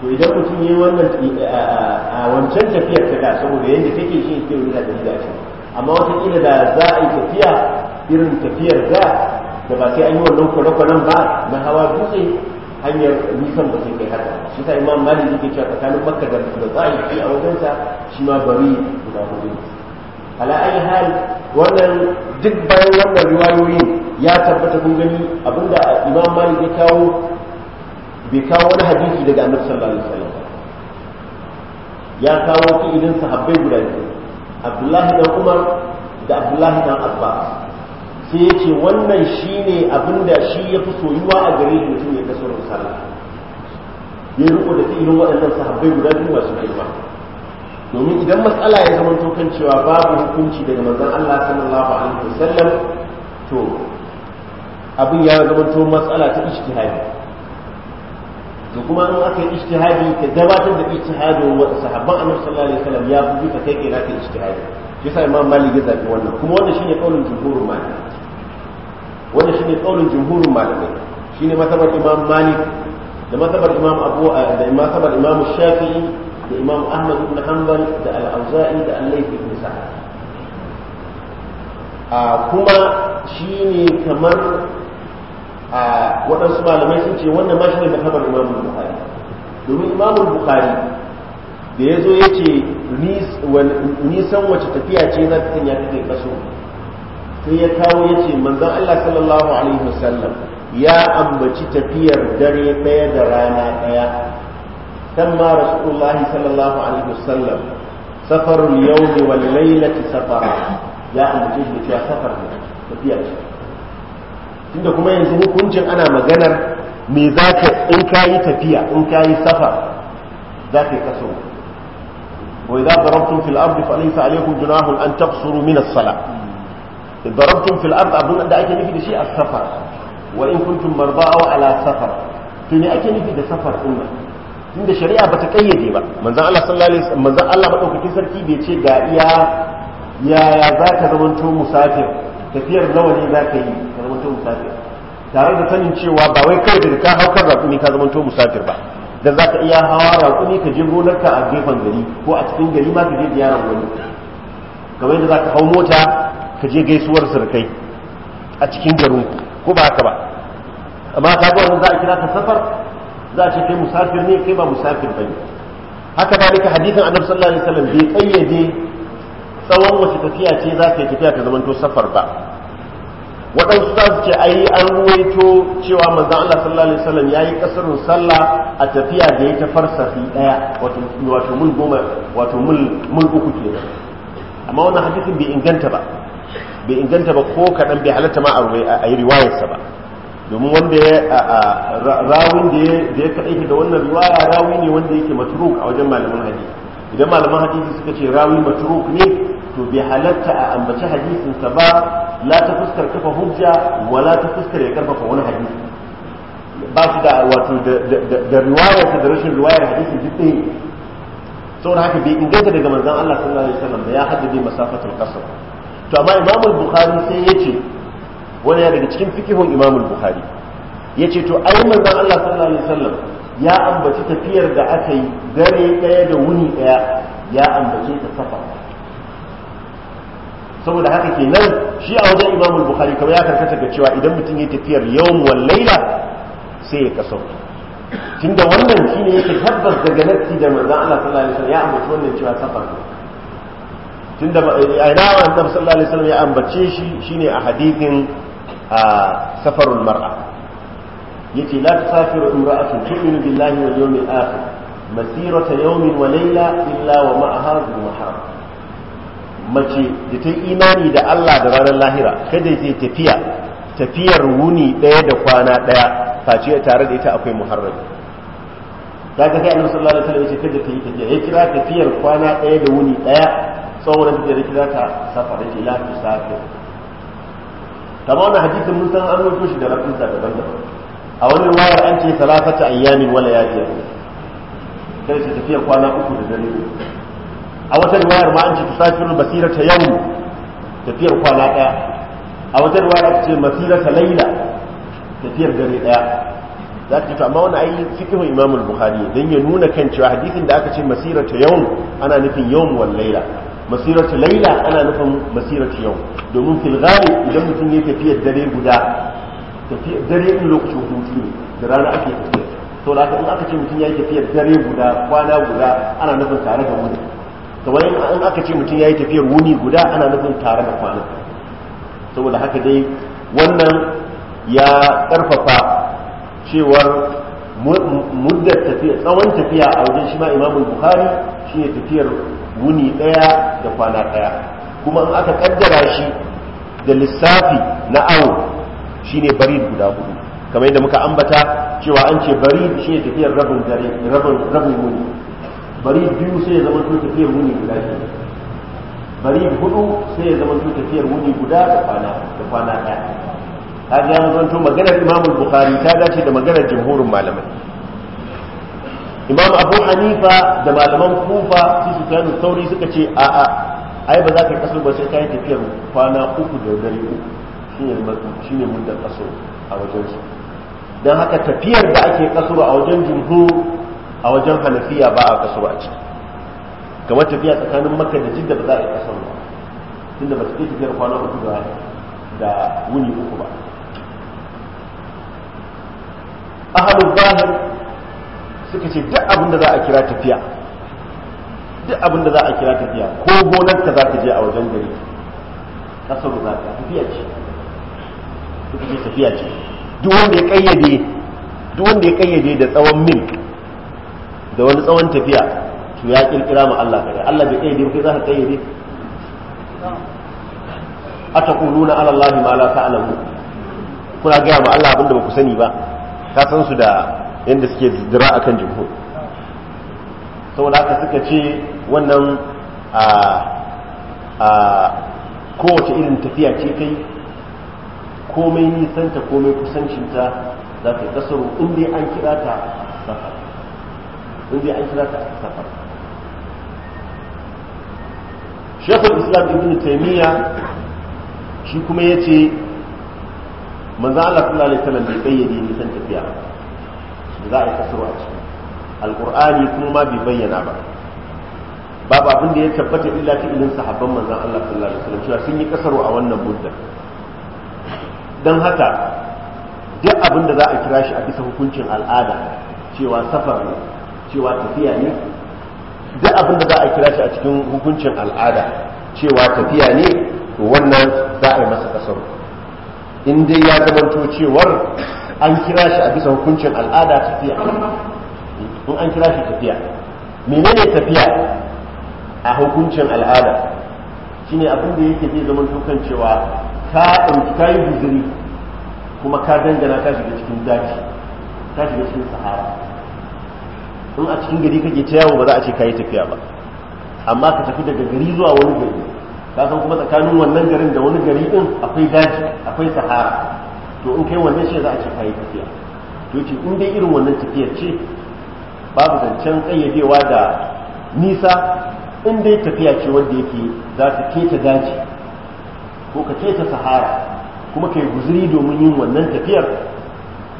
to idan mutum ya yi wannan eh, a wancan tafiyar ta da saboda yadda take shi ne kilomita ɗari da ashirin amma wataƙila da za a yi tafiya irin tafiyar da da ba sai an yi wannan kwale-kwalen ba na hawa dutse hanyar nisan ba sai kai haka shi sa imam malik yake cewa tsakanin makka da za a yi a wajensa shi ma bari guda hudu ala ayi hal wannan duk bayan wannan riwayoyin ya tabbata kun gani abinda imam malik ya kawo bai kawo wani hadisi daga annabi sallallahu alaihi wasallam ya kawo idan sahabbai guda biyu abdullahi dan umar da abdullahi dan abbas sai ya ce wannan shine abinda shi ya fi soyuwa a gare shi mutum ya kasar sallah ya riko da irin waɗannan sahabbai guda biyu masu girma domin idan matsala ya zama tokan cewa babu hukunci daga manzon Allah sallallahu alaihi wasallam to abin ya zama to matsala ta ijtihadi to kuma in aka yi ijtihadi ka gabatar da ijtihadin wa sahabban annabi sallallahu alaihi wasallam ya fi ka kai kira ka ijtihadi yasa imam malik ya zabi wannan kuma wannan shine kaulin jumhurin malik wannan shine kaulin jumhurin malamai shine matabar imam malik da matabar imam abu eh, da matabar imam shafi'i da imam ahmad ibn hanbal da al-auza'i da al-layth ibn sa'd a kuma shine kamar a waɗansu malamai sun ce wannan ma shine mazhabar imam bukhari domin imam bukhari da ya zo ya ce nisan wace tafiya ce za ta sanya ta kai kaso sai ya kawo yace, ce manzon Allah sallallahu alaihi wasallam ya ambaci tafiyar dare ɗaya da rana ɗaya تم رسول الله صلى الله عليه وسلم سفر اليوم والليلة سفرا يا أن تجد فيها سفر تبيت عند كما ينزل كنت أنا مغانا ميزاك إن كاي تبيع إن كاي سفر ذاك كسر وإذا ضربتم في الأرض فليس عليكم جناح أن تقصروا من الصلاة ضربتم في الأرض أظن أن دعيك نفيد شيء السفر وإن كنتم مرضى على سفر فيني أكي نفيد سفر أمه tunda shari'a bata kayyade ba manzon Allah sallallahu alaihi wasallam manzon Allah madaukakin sarki bai ce ga iya yaya za ka zamanto musafir tafiyar nawa ne za ka yi ka zamanto musafir tare da sanin cewa ba wai kawai daga ka hau kan raƙumi ka zamanto musafir ba dan za ka iya hawa raƙumi ka je gonarka a gefen gari ko a cikin gari ma ka je ziyarar wani kamar yadda za ka hau mota ka je gaisuwar surkai a cikin garin ko ba haka ba amma ka ga wannan za a kira ka safar za a ce kai musafir ne kai ba musafir ba ne haka dalika hadisin annabi sallallahu alaihi wasallam bai kayyade tsawon wace tafiya ce za ka yi tafiya ta zamanto safar ba waɗansu za su ce ai an ruwaito cewa manzon Allah sallallahu alaihi wasallam yi ƙasarun sallah a tafiya da ya ta farsafi ɗaya wato mul goma wato mul mul uku kenan amma wannan hadisin bai inganta ba bai inganta ba ko kaɗan bai halatta ma a yi riwayarsa ba domin wanda ya rawin da ya kaɗai da wannan riwaya rawi ne wanda yake matruk a wajen malaman hadisi idan malaman hadisi suka ce rawi matruk ne to bai halatta a ambaci hadisinsa ba la ta fuskar kafa hujja la ta fuskar ya karfafa wani hadisi ba su da wato da ta da rashin riwayar hadisi duk ɗaya saboda haka bai inganta daga manzon Allah sallallahu alaihi wasallam da ya haddace masafatul qasr to amma Imam Bukhari sai ya ce wani daga cikin fikihun imam bukhari ya ce to ayi manzon Allah sallallahu alaihi wasallam ya ambaci tafiyar da aka yi dare daya da wuni daya ya ambace ta safa saboda haka kenan shi a wajen imam bukhari kamar ya karkata ga cewa idan mutum ya tafiyar yawm wal laila sai ya tun tunda wannan shine yake tabbas daga nafsi da manzon Allah sallallahu alaihi wasallam ya ambaci wannan cewa safar tunda eh, a ina annabi sallallahu alaihi wasallam ya ambace shi shine a hadithin A safarul mar'a yace la tusafiru imra'atun tu'minu billahi wal yawmil akhir masirata yawmin wa layla illa wa ma'aha muharram. mace da ta imani da Allah da ranar lahira kada ta tafiya tafiyar wuni daya da kwana daya face tare da ita akwai muharram da ka kai annabi sallallahu alaihi wasallam ce kada ta yi tafiya ya kira tafiyar kwana daya da wuni daya tsawon da ya kira ta safar ila tusafir amma wannan hadisin mun san an rawaito shi da lafinsa daban-daban a wani wayar an ce talafata ayyamin wala ya ce kada ce tafiya kwana uku da dare a wata riwayar ma an ce basira ta yau tafiyar kwana daya a wata riwayar an ce ta laila tafiyar dare daya za ta ce amma wani ayi fikihun imamul bukhari don ya nuna kan cewa hadisin da aka ce ta yau ana nufin yau wal laila masiratu laila ana nufin masiratu yau domin fil idan mutum ya tafiyar dare guda tafiyar dare in lokacin hutu ne da rana ake tafiya to da in aka ce mutum ya yi tafiyar dare guda kwana guda ana nufin tare da wuni kamar in aka ce mutum ya yi tafiyar wuni guda ana nufin tare da kwana saboda haka dai wannan ya karfafa cewar muddar tafiya tsawon tafiya a wajen shi ma imamul bukhari shine tafiyar wuni daya da kwana daya kuma in aka kaddara shi da lissafi na awo shine bari guda hudu kamar yadda muka ambata cewa an ce bari shi ne tafiyar rabin dare rabin rabin wuni Bari biyu sai ya zama su tafiyar wuni guda ke Bari hudu sai ya zama su tafiyar wuni guda da kwana da kwana daya kaga ya zanto maganar imamul bukhari ta dace da maganar jumhurin malamai imam abu hanifa da malaman kufa su su kanu sauri suka ce a a ai ba za ka kaso ba sai ka yi tafiyar kwana uku da dare uku shi ne muddan kaso a wajen su don haka tafiyar da ake kaso a wajen jumhur a wajen hanafiya ba a kaso a ciki kamar tafiya tsakanin makka da jidda ba za a yi kaso ba tunda ba su ke tafiyar kwana uku da da wuni uku ba ahalul zahir suka ce duk abin da za a kira tafiya duk abin da za a kira tafiya ko gonar ka za ta je a wajen gari kasar za ta tafiya ce suka ce tafiya ce duk wanda ya kayyade duk wanda ya kayyade da tsawon mil da wani tsawon tafiya to ya kirkira ma Allah kai Allah bai kayyade kai za ka kayyade ataquluna ala Allah ma la ta'lamu kuna ga ma Allah abinda ba ku sani ba ka san su da inda suke kan akan Sau saboda haka suka ce wannan a a kowace irin tafiya ce kai komai nisanta komai kusancinta za ka yi kasaro in dai an kira ta safar in dai an kira ta safar shekul islam ibn taimiyya shi kuma ya ce manzan Allah sallallahu alaihi wasallam bai bayyane nisan tafiya da za a yi kasaro a ciki alqur'ani kuma ma bai bayyana ba babu abin da ya tabbata illa ta ilin sahabban manzan Allah sallallahu alaihi wasallam sun yi kasaro a wannan mudda dan haka duk abin da za a kira shi a bisa hukuncin al'ada cewa safar ne cewa tafiya ne duk abin da za a kira shi a cikin hukuncin al'ada cewa tafiya ne to wannan za a yi masa kasaro in dai ya zamanto cewar an kira shi a bisa hukuncin al'ada tafiya in an kira shi tafiya menene tafiya a hukuncin al'ada shine abin da yake zai zama dukan cewa ka ɗauki kayi yi kuma ka dangana ka shiga cikin daji ka shiga cikin sahara in a cikin gari kake ta yawo ba za a ce ka yi tafiya ba amma ka tafi daga gari zuwa wani gari ka san kuma tsakanin wannan garin da wani gari din akwai daji akwai sahara to in kai wannan shi za a ce kai tafiya to ce in dai irin wannan tafiyar ce babu zancen kayyadewa da nisa in dai tafiya ce wanda yake za ta keta daji ko ka keta sahara kuma ka yi guzuri domin yin wannan tafiyar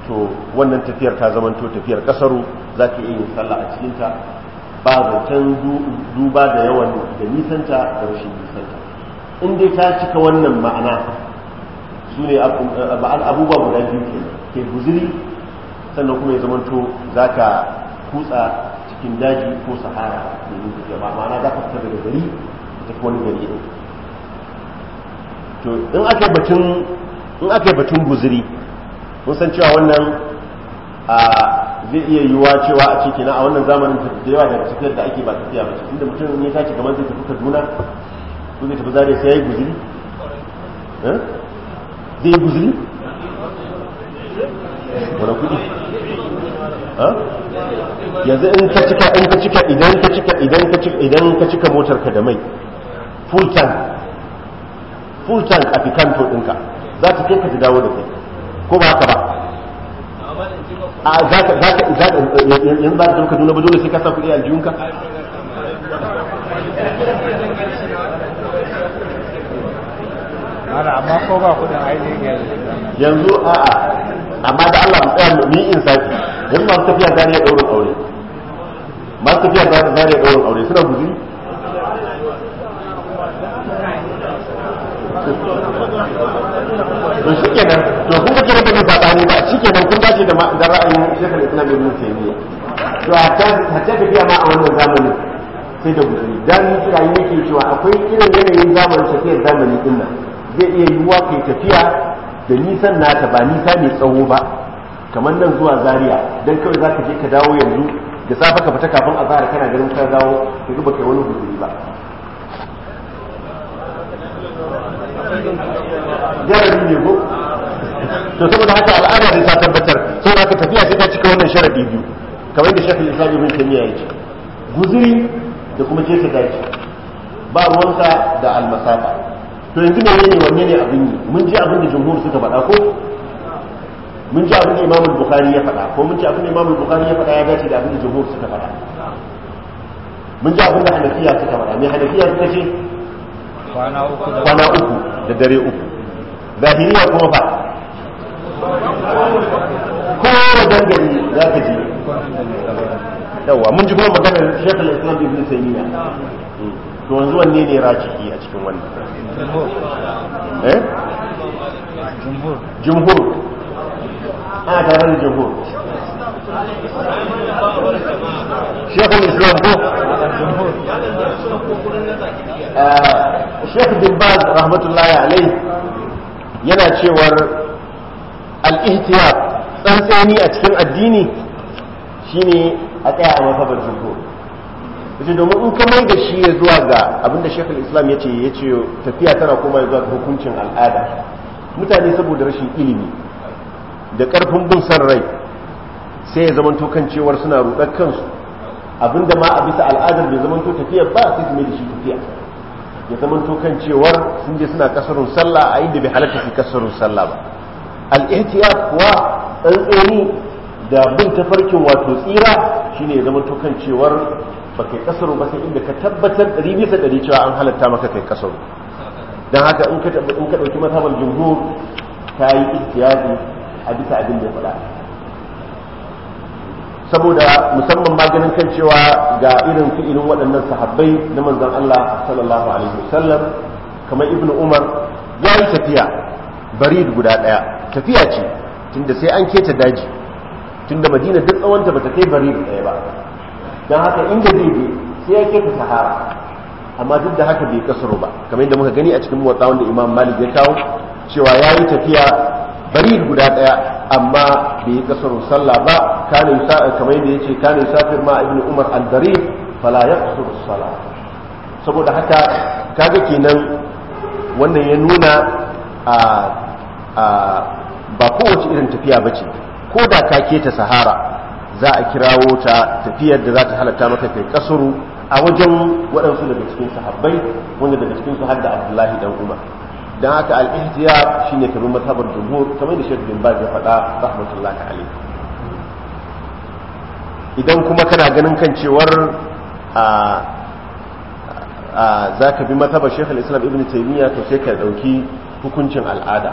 to wannan tafiyar ta zamanto tafiyar kasaru za ka iya yin sallah a cikin ta ba zancen duba da yawan da nisanta da rashin nisanta in dai ta cika wannan ma'ana su ne abubuwa guda biyu ke ke sannan kuma ya zamanto za ka kutsa cikin daji ko sahara da yin tafiya ba ma'ana za ka fita daga gari da tafi wani gari ne to in aka batun in aka batun guzuri mun san cewa wannan a zai iya yiwuwa cewa a ciki na a wannan zamanin da yawa daga tafiyar da ake ba tafiya ba inda mutum ya sake kamar zai tafi kaduna ko zai tafi zare sai ya yi guzuri eh? zai guzuri Wane kudi yanzu in ka cika in ka cika idan ka cika idan ka cika idan ka cika motar ka da mai full tank full tank a to ɗinka za ta kai ka ji dawo da kai ko ba haka ba a za ka za ka yanzu ba ka tafi ba dole sai ka sa kuɗi a aljihunka amma ko ba kudin ainihin yanzu yanzu a'a amma da Allah mu tsaya mu yi insaki yanzu masu tafiya ne ɗaurin aure masu tafiya ne ɗaurin aure suna guzi to shi nan to kun ga kiran da ba faɗa ne ba shi nan kun dace da da ra'ayin shekul islam ibn taymiya to ta hatta tafiya ma a wannan zamani sai da guzi dan shi rayuwa yake cewa akwai irin yanayin zamanin tafiyar zamani din nan zai iya yiwuwa kai tafiya da nisan nata ba nisa mai tsawo ba kamar nan zuwa Zariya don kawai za ka je ka dawo yanzu da safe ka fita kafin a zahar kana ganin ka dawo ka ga kai wani guzuri ba ne ko to saboda haka al'ada ne ta tabbatar sai za ka tafiya sai ta cika wannan sharadi biyu kamar yadda shafin lissafi bin tamiya ya guzuri da kuma jefa daji ba ruwansa da almasafa to yanzu ne wanne ne abin yi mun ji abin da jumhur suka faɗa ko mun ji abin da imam bukhari ya faɗa ko mun ji abin da imam bukhari ya faɗa ya dace da abin da jumhur suka faɗa mun ji abin da hanafiya suka faɗa me hanafiya suka ce kwana uku da dare uku zahiriya kuma fa kowa dangane za ka ji yawa mun ji kuma maganar shekul islam ibn sayyidina to yanzu wanne ne rajihi a cikin wannan eh jumhur ana tare da jumhur shekul islam ko eh, shekul bin baz rahmatullahi alai yana cewar al-ihtiyar tsantsani a cikin addini shine a tsaya a masabar jumhur yace domin in ka mai da shi ya zuwa ga abinda shekul islam ya ce ya ce tafiya tana koma zuwa ga hukuncin al'ada mutane saboda rashin ilimi da karfin bin san rai sai ya zamanto kan cewar suna rudar kansu abinda ma a bisa al'adar bai zamanto tafiya ba sai su mai da shi tafiya ya zamanto kan cewar sun je suna kasarun sallah a inda bai halatta su kasarun sallah ba al'ihtiyar kuwa tsantseni da bin tafarkin wato tsira shine ya zamanto kan cewar ba kai kasaro ba sai inda ka tabbatar ɗari bisa ɗari cewa an halatta maka kai kasaro don haka in ka ɗauki mazhabar jumhur ta yi a bisa abin da ya faɗa saboda musamman ganin kan cewa ga irin fi'ilin waɗannan sahabbai na manzon Allah sallallahu alaihi wasallam kamar ibn umar ya yi tafiya barid guda ɗaya tafiya ce tunda sai an keta daji tunda madina duk tsawonta bata kai barid ɗaya ba don haka inda zai je sai ya sahara amma duk da haka bai kasaro ba kamar yadda muka gani a cikin motsa wanda imam malik ya kawo cewa ya yi tafiya bari guda daya amma bai yi kasaro sallah ba kamar yadda yace kana safir ma ibn umar al dari fala ya kasaro sallah saboda haka kaga kenan wannan ya nuna a ba kowace irin tafiya bace ko da ka keta sahara za a kirawo ta tafiyar da za ta halatta maka kai kasuru a wajen waɗansu daga cikin sahabbai wanda daga cikin su har da abdullahi dan umar dan haka al ihtiya shine kamar masabar jumhur kamar da shaykh bin baz ya faɗa rahmatullahi alayhi idan kuma kana ganin kan cewar a za ka bi mataba al islam ibn taimiyya to sai ka dauki hukuncin al'ada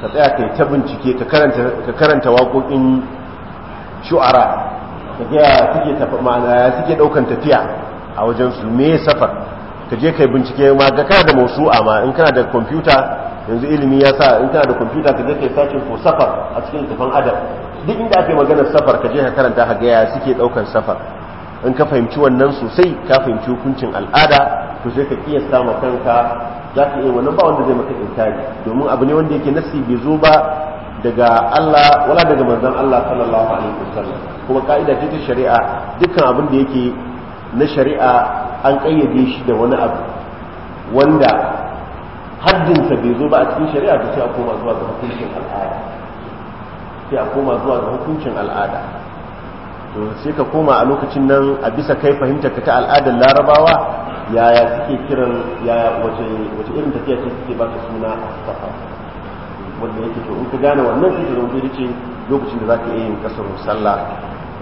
ka tsaya kai ta bincike ka karanta waƙoƙin shu'ara ta gaya suke tafi ma'ana ya suke daukan tafiya a wajen su me safar ka je kai bincike ma ga kana da mausu'a ma in kana da kwamfuta yanzu ilimi ya sa in kana da kwamfuta ka je kai sakin ko safar a cikin tafan adam. duk inda ake maganar safar ka je ka karanta ka ga ya suke daukan safar in ka fahimci wannan sosai ka fahimci hukuncin al'ada to sai ka kiyasta sama kanka za ka iya wannan ba wanda zai maka inkari domin abu ne wanda yake nasi bai zo ba daga Allah wala daga manzon Allah sallallahu alaihi wasallam kuma ka'ida ta shari'a dukkan abin da yake na shari'a an kayyade shi da wani abu wanda haddinsa bai zo ba a cikin shari'a ta sai a koma zuwa ga hukuncin al'ada sai a koma zuwa ga hukuncin al'ada to sai ka koma a lokacin nan a bisa kai fahimtar ka ta al'adar larabawa yaya suke kiran yaya wace irin tafiya ce suke ba ta suna safa wanda yake to in ka gane wannan sai ka zama ce lokacin da za yi iya yin kasar sallah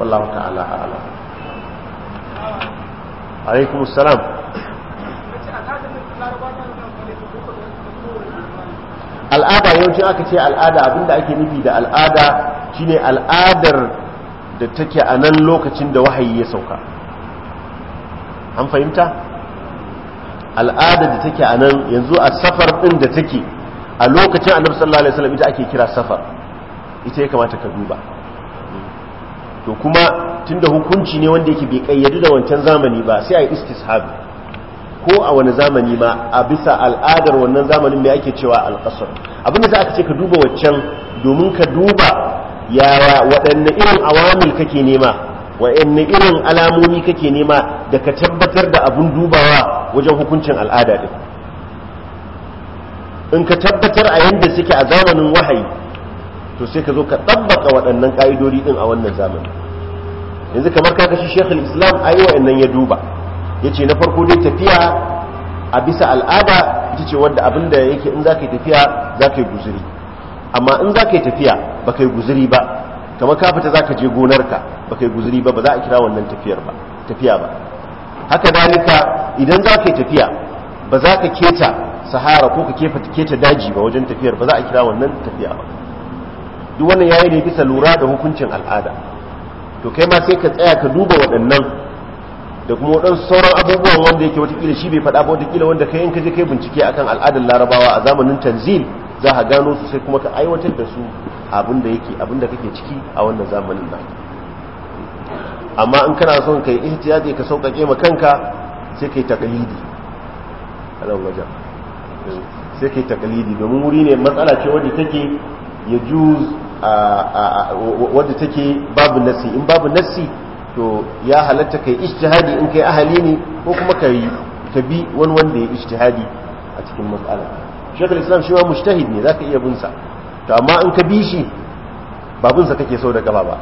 wallahu ta'ala ala alaikum assalam al'ada yawancin aka ce al'ada abinda ake nufi da al'ada shine al'adar da take a nan lokacin da wahayi ya sauka an fahimta al'ada da take a nan yanzu a safar ɗin da take a lokacin annabi sallallahu alaihi wasallam ita ake kira safar ita ya kamata ka duba to kuma tunda hukunci ne wanda yake bai kayyadu da wancan zamani ba sai a istishab ko a wani zamani ma a bisa al'adar wannan zamanin mai ake cewa alƙasar abinda za a ce ka duba waccan domin ka duba yaya waɗanne irin awamil kake nema waɗanne irin alamomi kake nema da ka tabbatar da abun dubawa wajen hukuncin al'ada din in ka tabbatar a yadda suke a zamanin wahayi to sai ka zo ka tabbaka waɗannan ƙa'idodi ɗin a wannan zamani yanzu kamar ka kashi shekul islam a yi wa'annan ya duba ya ce na farko dai tafiya a bisa al'ada ita ce wadda abin da yake in za ka yi tafiya za ka yi guziri amma in za ka yi tafiya ba ka yi guziri ba kamar ka fita za ka je gonarka ba ka yi guziri ba ba za a kira wannan tafiyar ba tafiya ba haka dalika idan za ka yi tafiya ba za ka keta sahara ko ka keta daji ba wajen tafiyar ba za a kira wannan tafiya ba duk wannan yayi ne bisa lura da hukuncin al'ada to kai ma sai ka tsaya ka duba waɗannan da kuma waɗansu sauran abubuwan wanda yake watakila shi bai faɗa ba watakila wanda kai in ka je kai bincike akan al'adar larabawa a zamanin tanzil za ka gano su sai kuma ka aiwatar da su abin da yake abin da kake ciki a wannan zamanin ba amma in kana son kai ihtiyaji ka sauƙaƙe ma kanka sai kai taqlidi a wajen sai kai takalidi domin wuri ne matsala ce wadda take ya juz wadda take babu nassi in babu nassi to ya halatta kai ijtihadi in kai ahali ne ko kuma kai ka bi wani wanda ya ijtihadi a cikin matsala shekul islam shi ma mujtahid ne zaka iya bin sa to amma in ka bi shi babun sa kake so da gaba ba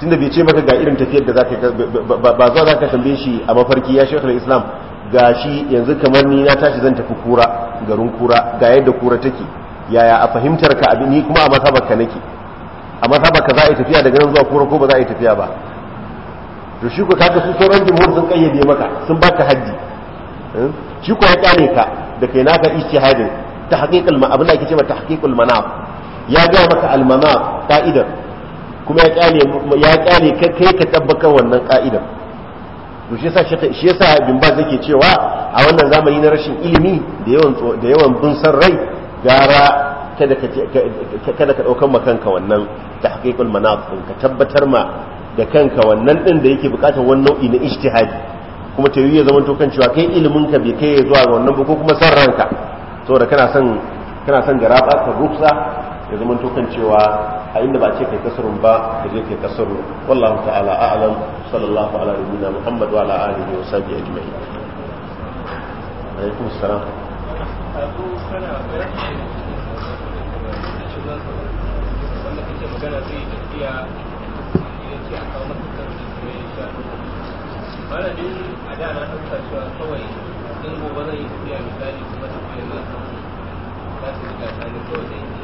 tunda bai ce maka ga irin tafiyar da za ka ba zuwa za ka tambaye shi a mafarki ya shekar islam ga shi yanzu kamar ni na tashi zan tafi kura garin kura ga yadda kura take yaya a fahimtar ka abin ni kuma a masabar ka nake a masabar ka za a yi tafiya daga nan zuwa kura ko ba za a yi tafiya ba to shi ko kaga su sauran jimhur sun kayyade maka sun baka haddi hmm? shi ko ya kyale ka da kai naka ta tahqiqul ma abin da ake cewa haƙiƙul manaf ya ga maka al manaf ka'idar kuma ya kyale ya kyale kai kai ka tabbakar wannan ka'idar to shi yasa shi yasa bin ba zake cewa a wannan zamani na rashin ilimi da yawan da yawan bin san rai gara kada ka kada ka daukan ma kanka wannan tahqiqul manaf ka tabbatar ma da kanka wannan din da yake bukatar wani nau'i na ijtihadi kuma ta ya zama to kan cewa kai ilimin ka bai kai zuwa ga wannan ba ko kuma san ranka saboda kana son kana son garaba ka ruksa ya zama to kan cewa a inda ba ce kai kasarun ba ka je kai kasarun wallahu ta'ala a'lam sallallahu ala nabiyyina muhammad wa ala alihi wa sahbihi ajma'in alaikum a da na ɗauka cewa kawai in gobe zan yi tafiya misali kuma tafiya na su kawai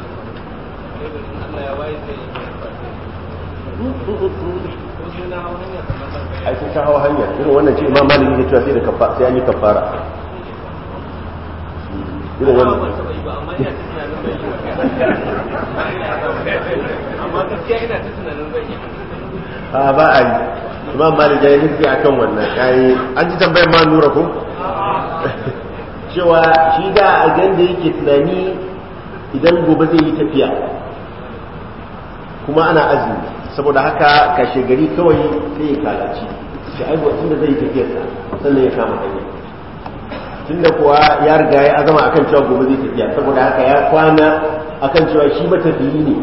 ai sun sha hawa hanya irin wannan ce imam malik yake cewa sai da kafa sai an yi kafara irin wannan a ba a yi imam malik ya yi nufi a kan wannan kayi an ji tambayar ma nura ko cewa shi da a da yake tunani idan gobe zai yi tafiya kuma ana azumi saboda haka kashe gari kawai sai ya kalaci shi aiwa tunda zai tafiya sa sannan ya kama hanya tunda kuwa ya riga ya azama akan cewa gobe zai tafiya saboda haka ya kwana akan cewa shi matafiyi ne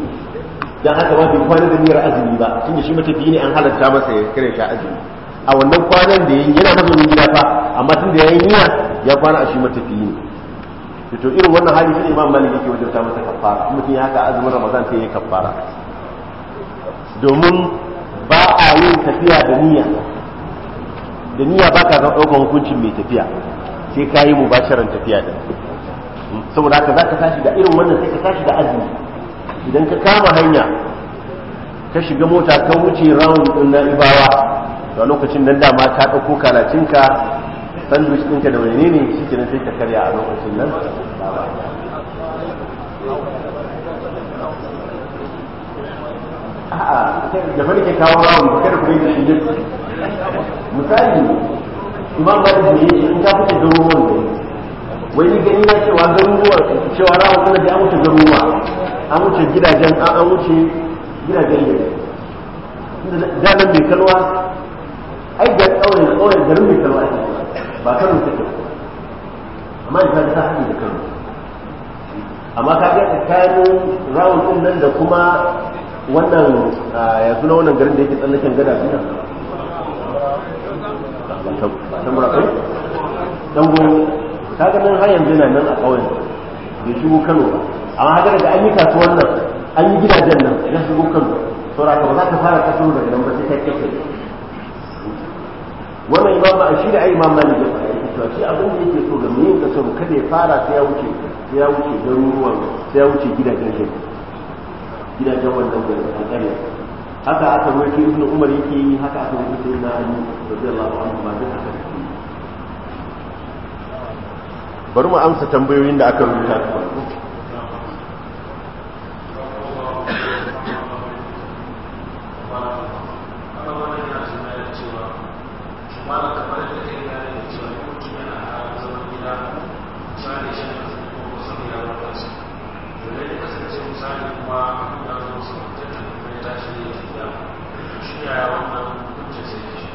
dan haka ba bai kwana da niyyar azumi ba tunda shi matafiyi ne an halarta masa ya kare shi azumi a wannan kwanan da yayi yana mazumin gida fa amma tunda yayin niyya ya kwana a shi matafiyi ne to irin wannan hali shi imam malik yake wajen ta masa kafara mutum ya haka azumin ramadan sai ya kafara domin ba a yin tafiya da niyya da niyya ba ka zan ɗaukar hukuncin mai tafiya sai ka yi mubasharan tafiya da saboda haka za ka tashi da irin wannan sai ka tashi da azumi idan ka kama hanya ka shiga mota ka wuce rawun ɗin na ibawa a lokacin nan dama ka ɗauko karacinka sandwich ɗinka da wani ne shi ke sai ka karya a lokacin nan a'a da bane ke kawo rawun kada ku yi shi misali imam malik ne in ka fice garuruwan wai ni gani na cewa garuruwa cewa rawun kuma da an wuce garuruwa an wuce gidajen an wuce gidajen yau jalan mai kalwa ai ga tsaurin tsaurin garin mai kalwa ne ba kano take amma ita ta haɗi da kano amma ka ga tsakanin rawun nan da kuma wannan ya suna wannan garin da yake tsallaken gada suna ta murakai dango ta ganin har yanzu na nan a ƙauyen bai shigo kano ba amma haka daga an yi kasuwan nan an yi gidajen nan ya shigo kano saura ka ba za ka fara kasu daga gidan ba sai kai kai wannan imam ba shi da ai imam malik ya fara shi abin da yake so ga mai yin kaso kada ya fara sai ya wuce sai ya wuce garuruwan sai ya wuce gidajen shi gidajen wannan gari a gare haka aka mulki ibn umar yake yi haka aka mulki sai na ali radiyallahu anhu ma duk haka yake bari mu amsa tambayoyin da aka rubuta su Thank you. misali kuma ya musu tattalin ya tashi ya shi ya wannan hujjar sai ya shi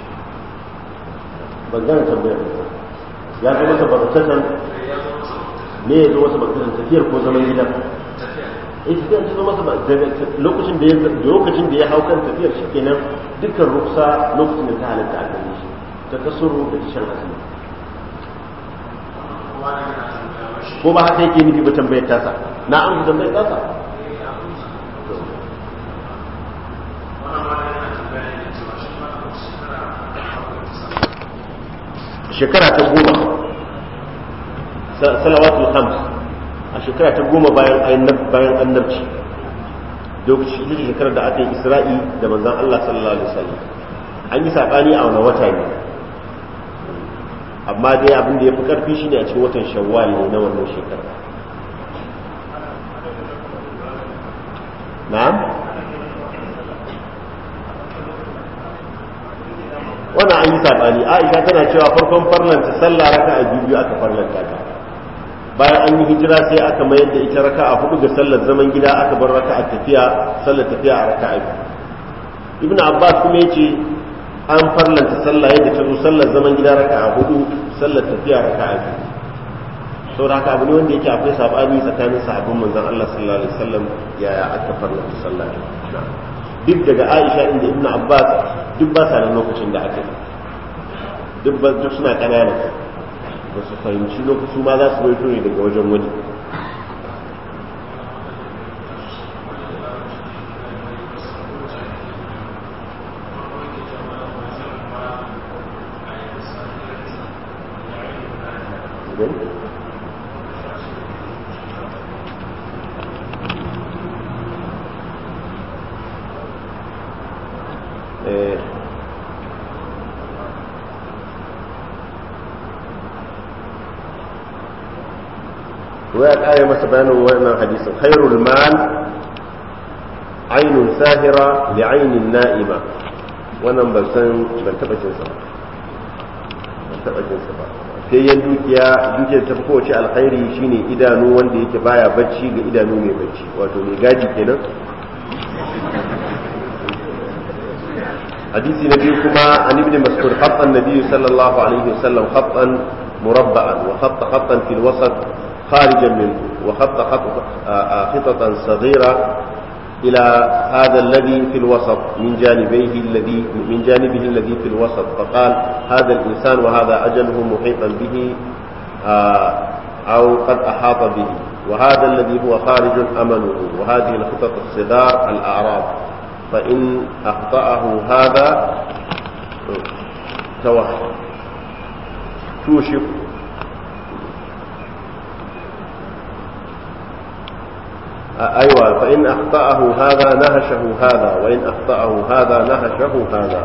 ban gane tambayar ya zo masa me ya zo masa tafiyar ko zaman gidan eh, zo masa lokacin da ya lokacin da ya hau kan tafiyar kenan dukkan ruksa lokacin da ta halatta a gare shi ta kasuru da shan azumi ko ba haka yake nufi ba tambayar tasa na amsa tambayar tasa shekara ta goma salawatul khams a shekara ta goma bayan bayan annabci lokacin da shekara da aka yi isra'i da manzon Allah sallallahu alaihi wasallam an yi sabani a wani wata ne amma dai abin da ya fi karfi shine a cikin watan shawwal ne na wannan shekara na'am yi aisha tana cewa farkon farlanta sallah raka a biyu aka farlanta ta bayan an yi hijira sai aka mayar da ita raka a hudu ga sallar zaman gida aka bar raka a tafiya sallar tafiya a raka a ibn abbas kuma ya ce an farlanta sallah yadda ta zo sallar zaman gida raka a hudu sallar tafiya raka a sau da haka abu ne wanda yake akwai sabani tsakanin sahabin manzon Allah sallallahu alaihi wasallam yaya aka farlanta sallah duk daga Aisha inda Ibn Abbas duk ba sa da lokacin da aka yi duk duk suna ƙanana ba su fahimci lokaci ma za su waito ne daga wajen wani Thank you. ya masa bayanin wannan hadisin khairul mal ainun sahira li ainin na'ima wannan ban san ban taba cin sa ban taba cin sa ba sai yan dukiya duke ta kowace alkhairi shine idanu wanda yake baya bacci ga idanu mai bacci wato mai gadi kenan hadisi na biyu kuma an ibn mas'ud khatta annabi sallallahu alaihi wasallam khattan murabba'an wa khatta khattan fil wasat خارجا منه وخط خط آه، آه، خططا صغيرة إلى هذا الذي في الوسط من جانبيه الذي من جانبه الذي في الوسط فقال هذا الإنسان وهذا أجله محيطا به آه، أو قد أحاط به وهذا الذي هو خارج أمله وهذه الخطط الصغار الأعراض فإن أخطأه هذا توحد توشك أيوة فإن أخطأه هذا نهشه هذا وإن أخطأه هذا نهشه هذا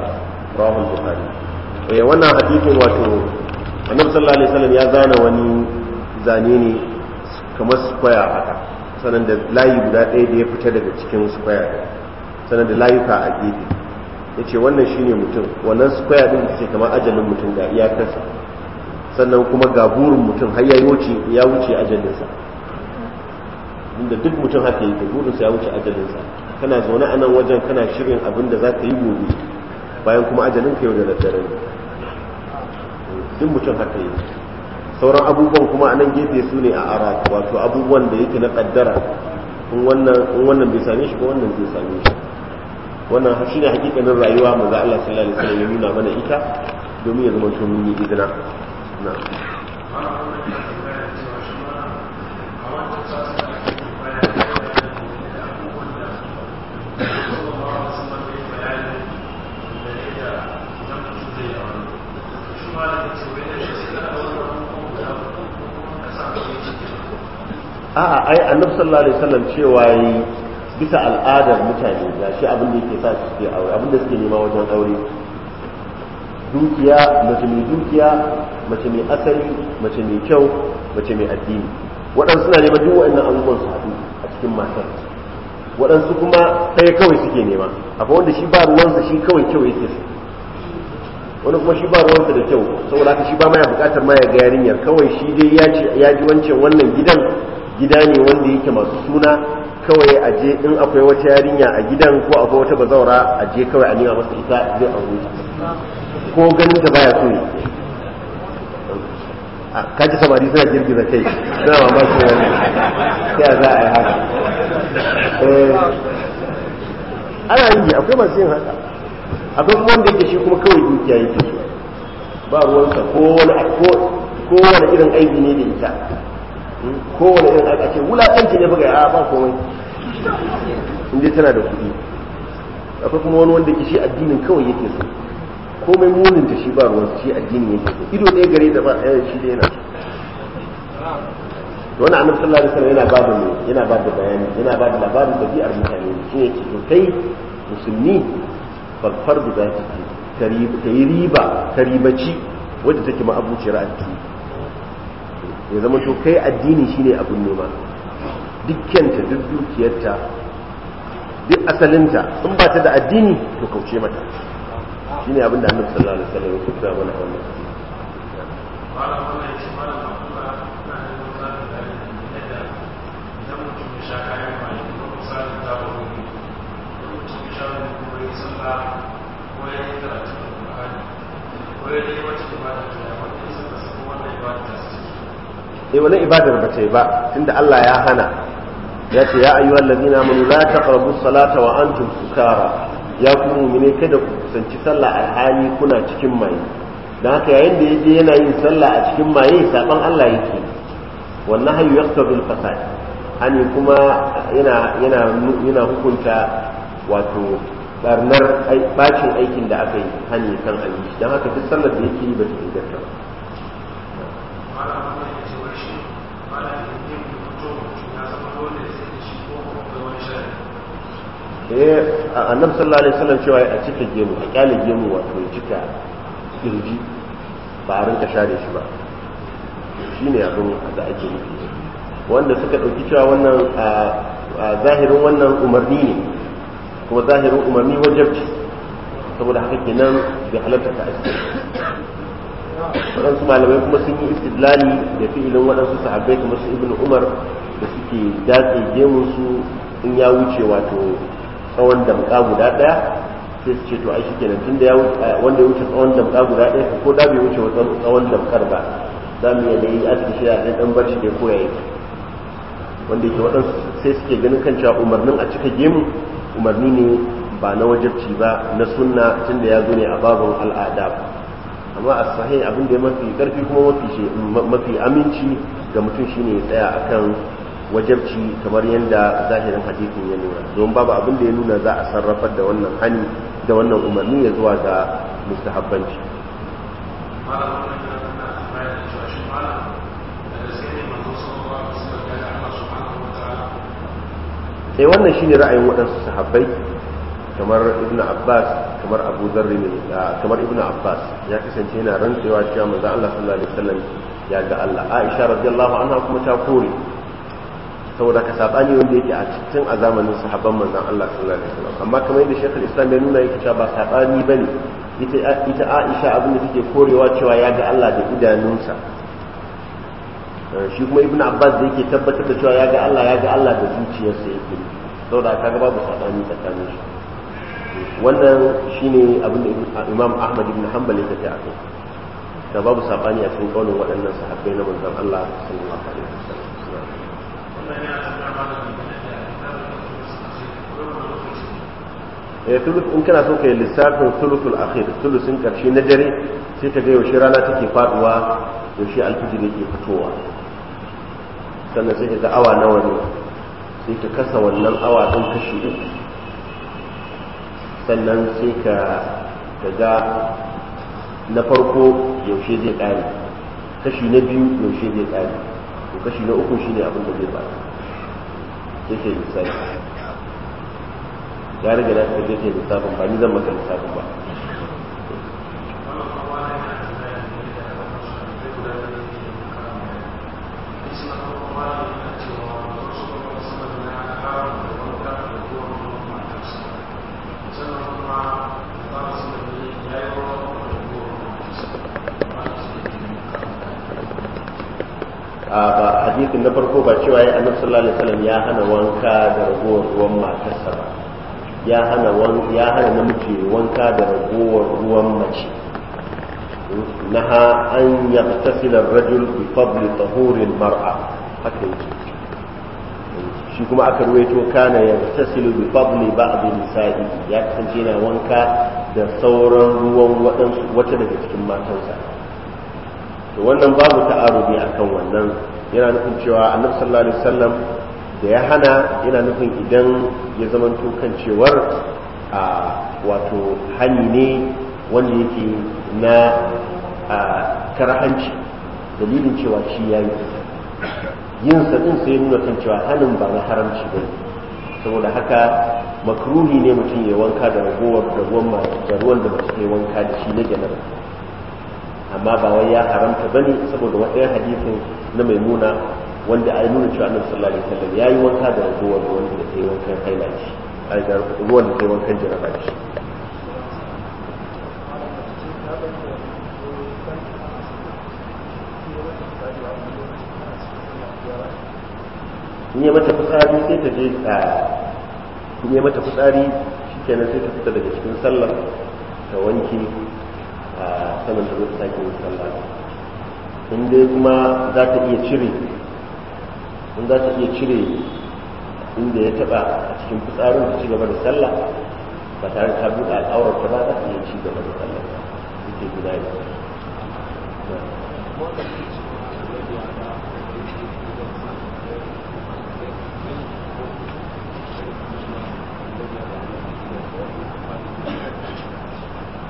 رواه البخاري wannan hadisin wato annabi sallallahu alaihi wasallam ya zana wani zane ne kamar square haka sanan da layi guda ɗaya da ya fita daga cikin square sanan da layuka a gefe ce wannan shine mutum wannan square din ce kamar ajalin mutum ga iyakarsa sannan kuma ga burin mutum har ya wuce ya wuce ajalinsa inda duk mutum haka yake burinsa ya wuce ajalinsa kana zaune a nan wajen kana shirin abin da za ka yi gobe bayan kuma ajalin ka yau da daddare duk mutum haka yake sauran abubuwan kuma a nan gefe su ne a ara wato abubuwan da yake na kaddara in wannan bai same shi ko wannan zai same shi wannan shi ne hakikanin rayuwa mu ga Allah sallallahu alaihi wasallam ya nuna mana ita domin ya zama mun yi izina na'am a'a ai annabi sallallahu alaihi wasallam cewa yi bisa al'adar mutane ga shi abin da yake sa su ke aure abin da suke nema wajen aure dukiya mace mai dukiya mace mai asali mace mai kyau mace mai addini waɗansu suna neman duk wa'annan abubuwan su haɗu a cikin matar waɗansu kuma ɗaya kawai suke nema akwai wanda shi ba ruwansa shi kawai kyau yake su wani kuma shi ba ruwansa da kyau saboda haka shi ba ma ya buƙatar ma ya ga yarinyar kawai shi dai ya ji wancan wannan gidan gida ne wanda yake masu suna kawai a je in akwai wata yarinya a gidan ko akwai wata bazaura a je kawai a nema masa ita zai wuce ko ganin ta baya so ne kaji samari suna girgiza kai suna mamakin wani sai a za a yi haka eh, ana yi akwai masu yin haka akwai kuma wanda yake shi kuma kawai dukiya yake ba ruwansa ko wani irin aiki ne da ita kowane irin aka ce wulaƙanci ne buga a ba komai in tana da kuɗi akwai kuma wani wanda shi addinin kawai yake so komai munin ta shi ba ruwan shi addinin yake so ido ɗaya gare da ba ɗaya shi da yana Da wani annabi sallallahu alaihi wasallam yana ba da yana ba da bayani yana ba da labarin ɗabi'ar mutane shi ne cikin to kai musulmi farfar da zaki ta yi riba ta ribaci wadda take ma abuciyar addini ya zama to kai addini shine abin nema dukkanta duk dukiyarta duk asalinta in ba ta da addini to kauce mata shine abin da annabi sallallahu alaihi wasallam ya kuka mana a wannan ko ya yi wata ta da wannan eh wani ibadar ba ta yi ba tunda Allah ya hana ya ce ya ayyuhal ladina za ta taqrabu salata wa tun sukara ya kuma mummune kada ku kusanci sallah hali kuna cikin maye don haka yayin da ya je yana yin sallah a cikin maye saban Allah yake wannan hayu kusa bil fasad hani kuma yana hukunta wato barnar bacin aikin da aka yi hani kan abinci don haka duk sallar da yake yi ba ta ba eh annabi sallallahu alaihi wasallam cewa a cika gemu a kyale gemu wato ya cika kirji ba a rinka share shi ba shine abin da ake nufi wanda suka dauki cewa wannan a zahirin wannan umarni ne kuma zahirin umarni wajabci saboda haka kenan bai halatta ta asiri waɗansu malamai kuma sun yi istidlali da fi'ilin waɗansu sahabbai kamar su ibnu umar da suke datse gemunsu in ya wuce wato tsawon damka guda ɗaya sai su ce to ai shikenan tunda ya eh, wanda ya wuce tsawon damka guda ɗaya ko da bai wuce tsawon damkar ba za mu iya da yi aski shi a ɗan ɗan barci da koya yake wanda yake waɗansu sai suke ganin kan cewa umarnin a cika gemu umarni ne ba na wajabci ba na sunna tunda ya zo ne a babin al'ada amma a sahihin abin da ya mafi ƙarfi kuma mafi aminci ga mutum shine ya tsaya akan wajabci kamar yadda zahirin hadithin ya nuna don babu abin da ya nuna za a sarrafar da wannan hani da wannan umarni ya zuwa ga mustahabbanci sai eh, wannan shine ra'ayin waɗansu sahabbai kamar ibn abbas kamar abu zarri kamar ibn abbas ya kasance yana rantsewa cewa manzo Allah sallallahu alaihi wasallam ya ga Allah Aisha radiyallahu anha kuma ta kore saboda ka sabani wanda yake a cikin a zamanin sahabban manzon Allah sallallahu alaihi wasallam amma kamar yadda Sheikh Islam ya nuna yake cewa ba sabani bane ita ita Aisha abin da take korewa cewa ya ga Allah da idanunsa eh, shi kuma Ibn Abbas da yake tabbatar da cewa ya ga Allah ya ga Allah da zuciyarsa yake saboda ga babu sabani tsakanin shi wannan shine abin da Imam Ahmad ibn Hanbal yake ta babu sabani a cikin kaunin waɗannan sahabbai na manzon Allah sallallahu alaihi wasallam eh tulus in kana so kai lissafin sulusul akhir sulusin karshe na dare sai ka ga yaushe rana take faduwa yaushe alfijir yake fitowa sannan sai ka ga awa nawa ne sai ka kasa wannan awa din kashi uku sannan sai ka ga na farko yaushe zai kare kashi na biyu yaushe zai kare to kashi na uku shine abin da zai faru yake lissafi ya riga da tafi yake lissafin ba ni zan maka lissafin ba a ah, ba hadisin na farko ba cewa ya annabi sallallahu alaihi wasallam ya hana wanka da ragowar ruwan matarsa ba ya hana ya hana namiji wanka da ragowar ruwan mace naha an yaqtasila ar-rajul bi fadli tahuri al-mar'a haka yake shi kuma aka ruwaito kana yaqtasilu bi fadli ba'd nisa'i ya kasance yana wanka da sauran ruwan wadansu wata daga cikin matansa to wannan babu ta'arudi akan wannan yana nufin cewa annabi sallallahu alaihi wasallam da ya hana yana nufin idan ya zama kan cewar a wato hani ne wanda yake na karahanci dalilin cewa shi ya yi yin sadin sai nuna kan cewa hanin ba na haramci ba saboda haka makruhi ne mutum ya wanka da ragowar da ruwan da mutum wanka da shi na janar amma ba wai ya haramta bane saboda wannan hadisin na mai nuna wanda a nuna cewa annabi sallallahu alaihi wasallam yi wanka da ruwan wanda da kai wankan haila shi ai da ruwan da kai wankan jaraba shi in yi mata fitsari sai ta je a in yi mata fitsari shikenan sai ta fita daga cikin sallar ta wanke sannan ta ruwa sake yin sallah in dai kuma za ta iya cire in za ta iya cire inda ya taba a cikin fitsarin ta ci gaba da sallah ba tare ta buɗe al'aurar ta ba za ta iya ci gaba da sallah ba ita guda ne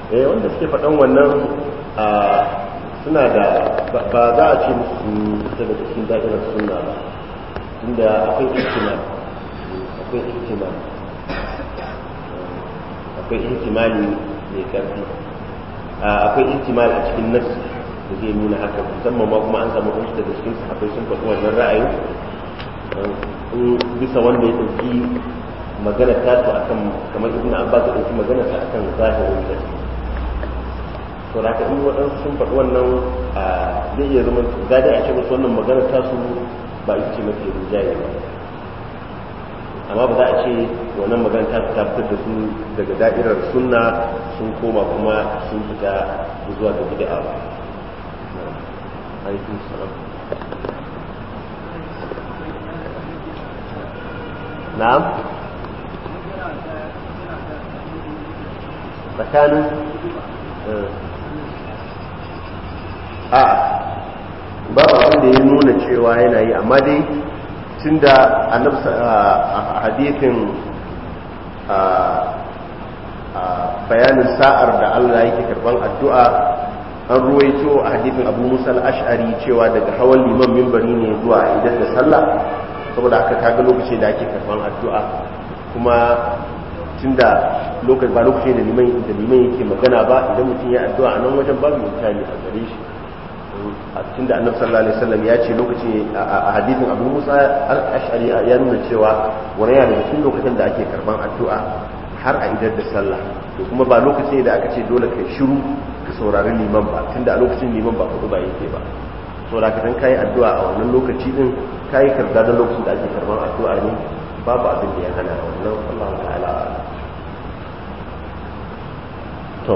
eh wanda suke faɗan wannan suna da ba za a ce musu fita daga cikin da'irar suna ba tunda akwai ihtima akwai ihtima akwai ihtimali mai karfi akwai ihtimali a cikin nasu da zai nuna haka musamman ma kuma an samu wasu daga cikin akwai sun faɗi wannan ra'ayin bisa wanda ya ɗauki magana ta su akan kamar ibn abbas da ɗauki magana ta akan zahirin gaskiya to da in waɗansu sun faɗi wannan zai iya zama gadi a ce musu wannan magana ta su ba ita ce mafi rinjaye ba amma ba za a ce wannan magana ta su ta fitar da su daga da'irar sunna sun koma kuma sun fita zuwa ga bid'a ba alaikum salam na'am tsakanin eh. a ba da ya nuna cewa yana yi amma dai tun da a hadithin bayanin sa'ar da allah yake karban addu'a an ruwaito a hadithin abu musa al'ashari cewa daga hawan liman mimbari ne zuwa idan da sallah saboda aka kaga lokaci da ake karban addu'a kuma tun da ba lokaci da liman yake magana ba idan mutum ya addu'a nan wajen babu mutane a gare shi a tunda annabi sallallahu alaihi wasallam ya ce lokacin a hadisin abu musa al-ash'ari ya nuna cewa wani ya da cikin lokacin da ake karban addu'a har a idar da sallah to kuma ba lokacin da aka ce dole kai shiru ka saurari liman ba tunda a lokacin liman ba ku ba yake ba so da kadan kai addu'a a wannan lokaci din kai karda da lokacin da ake karban addu'a ne babu abin da ya hana wannan Allah ta'ala to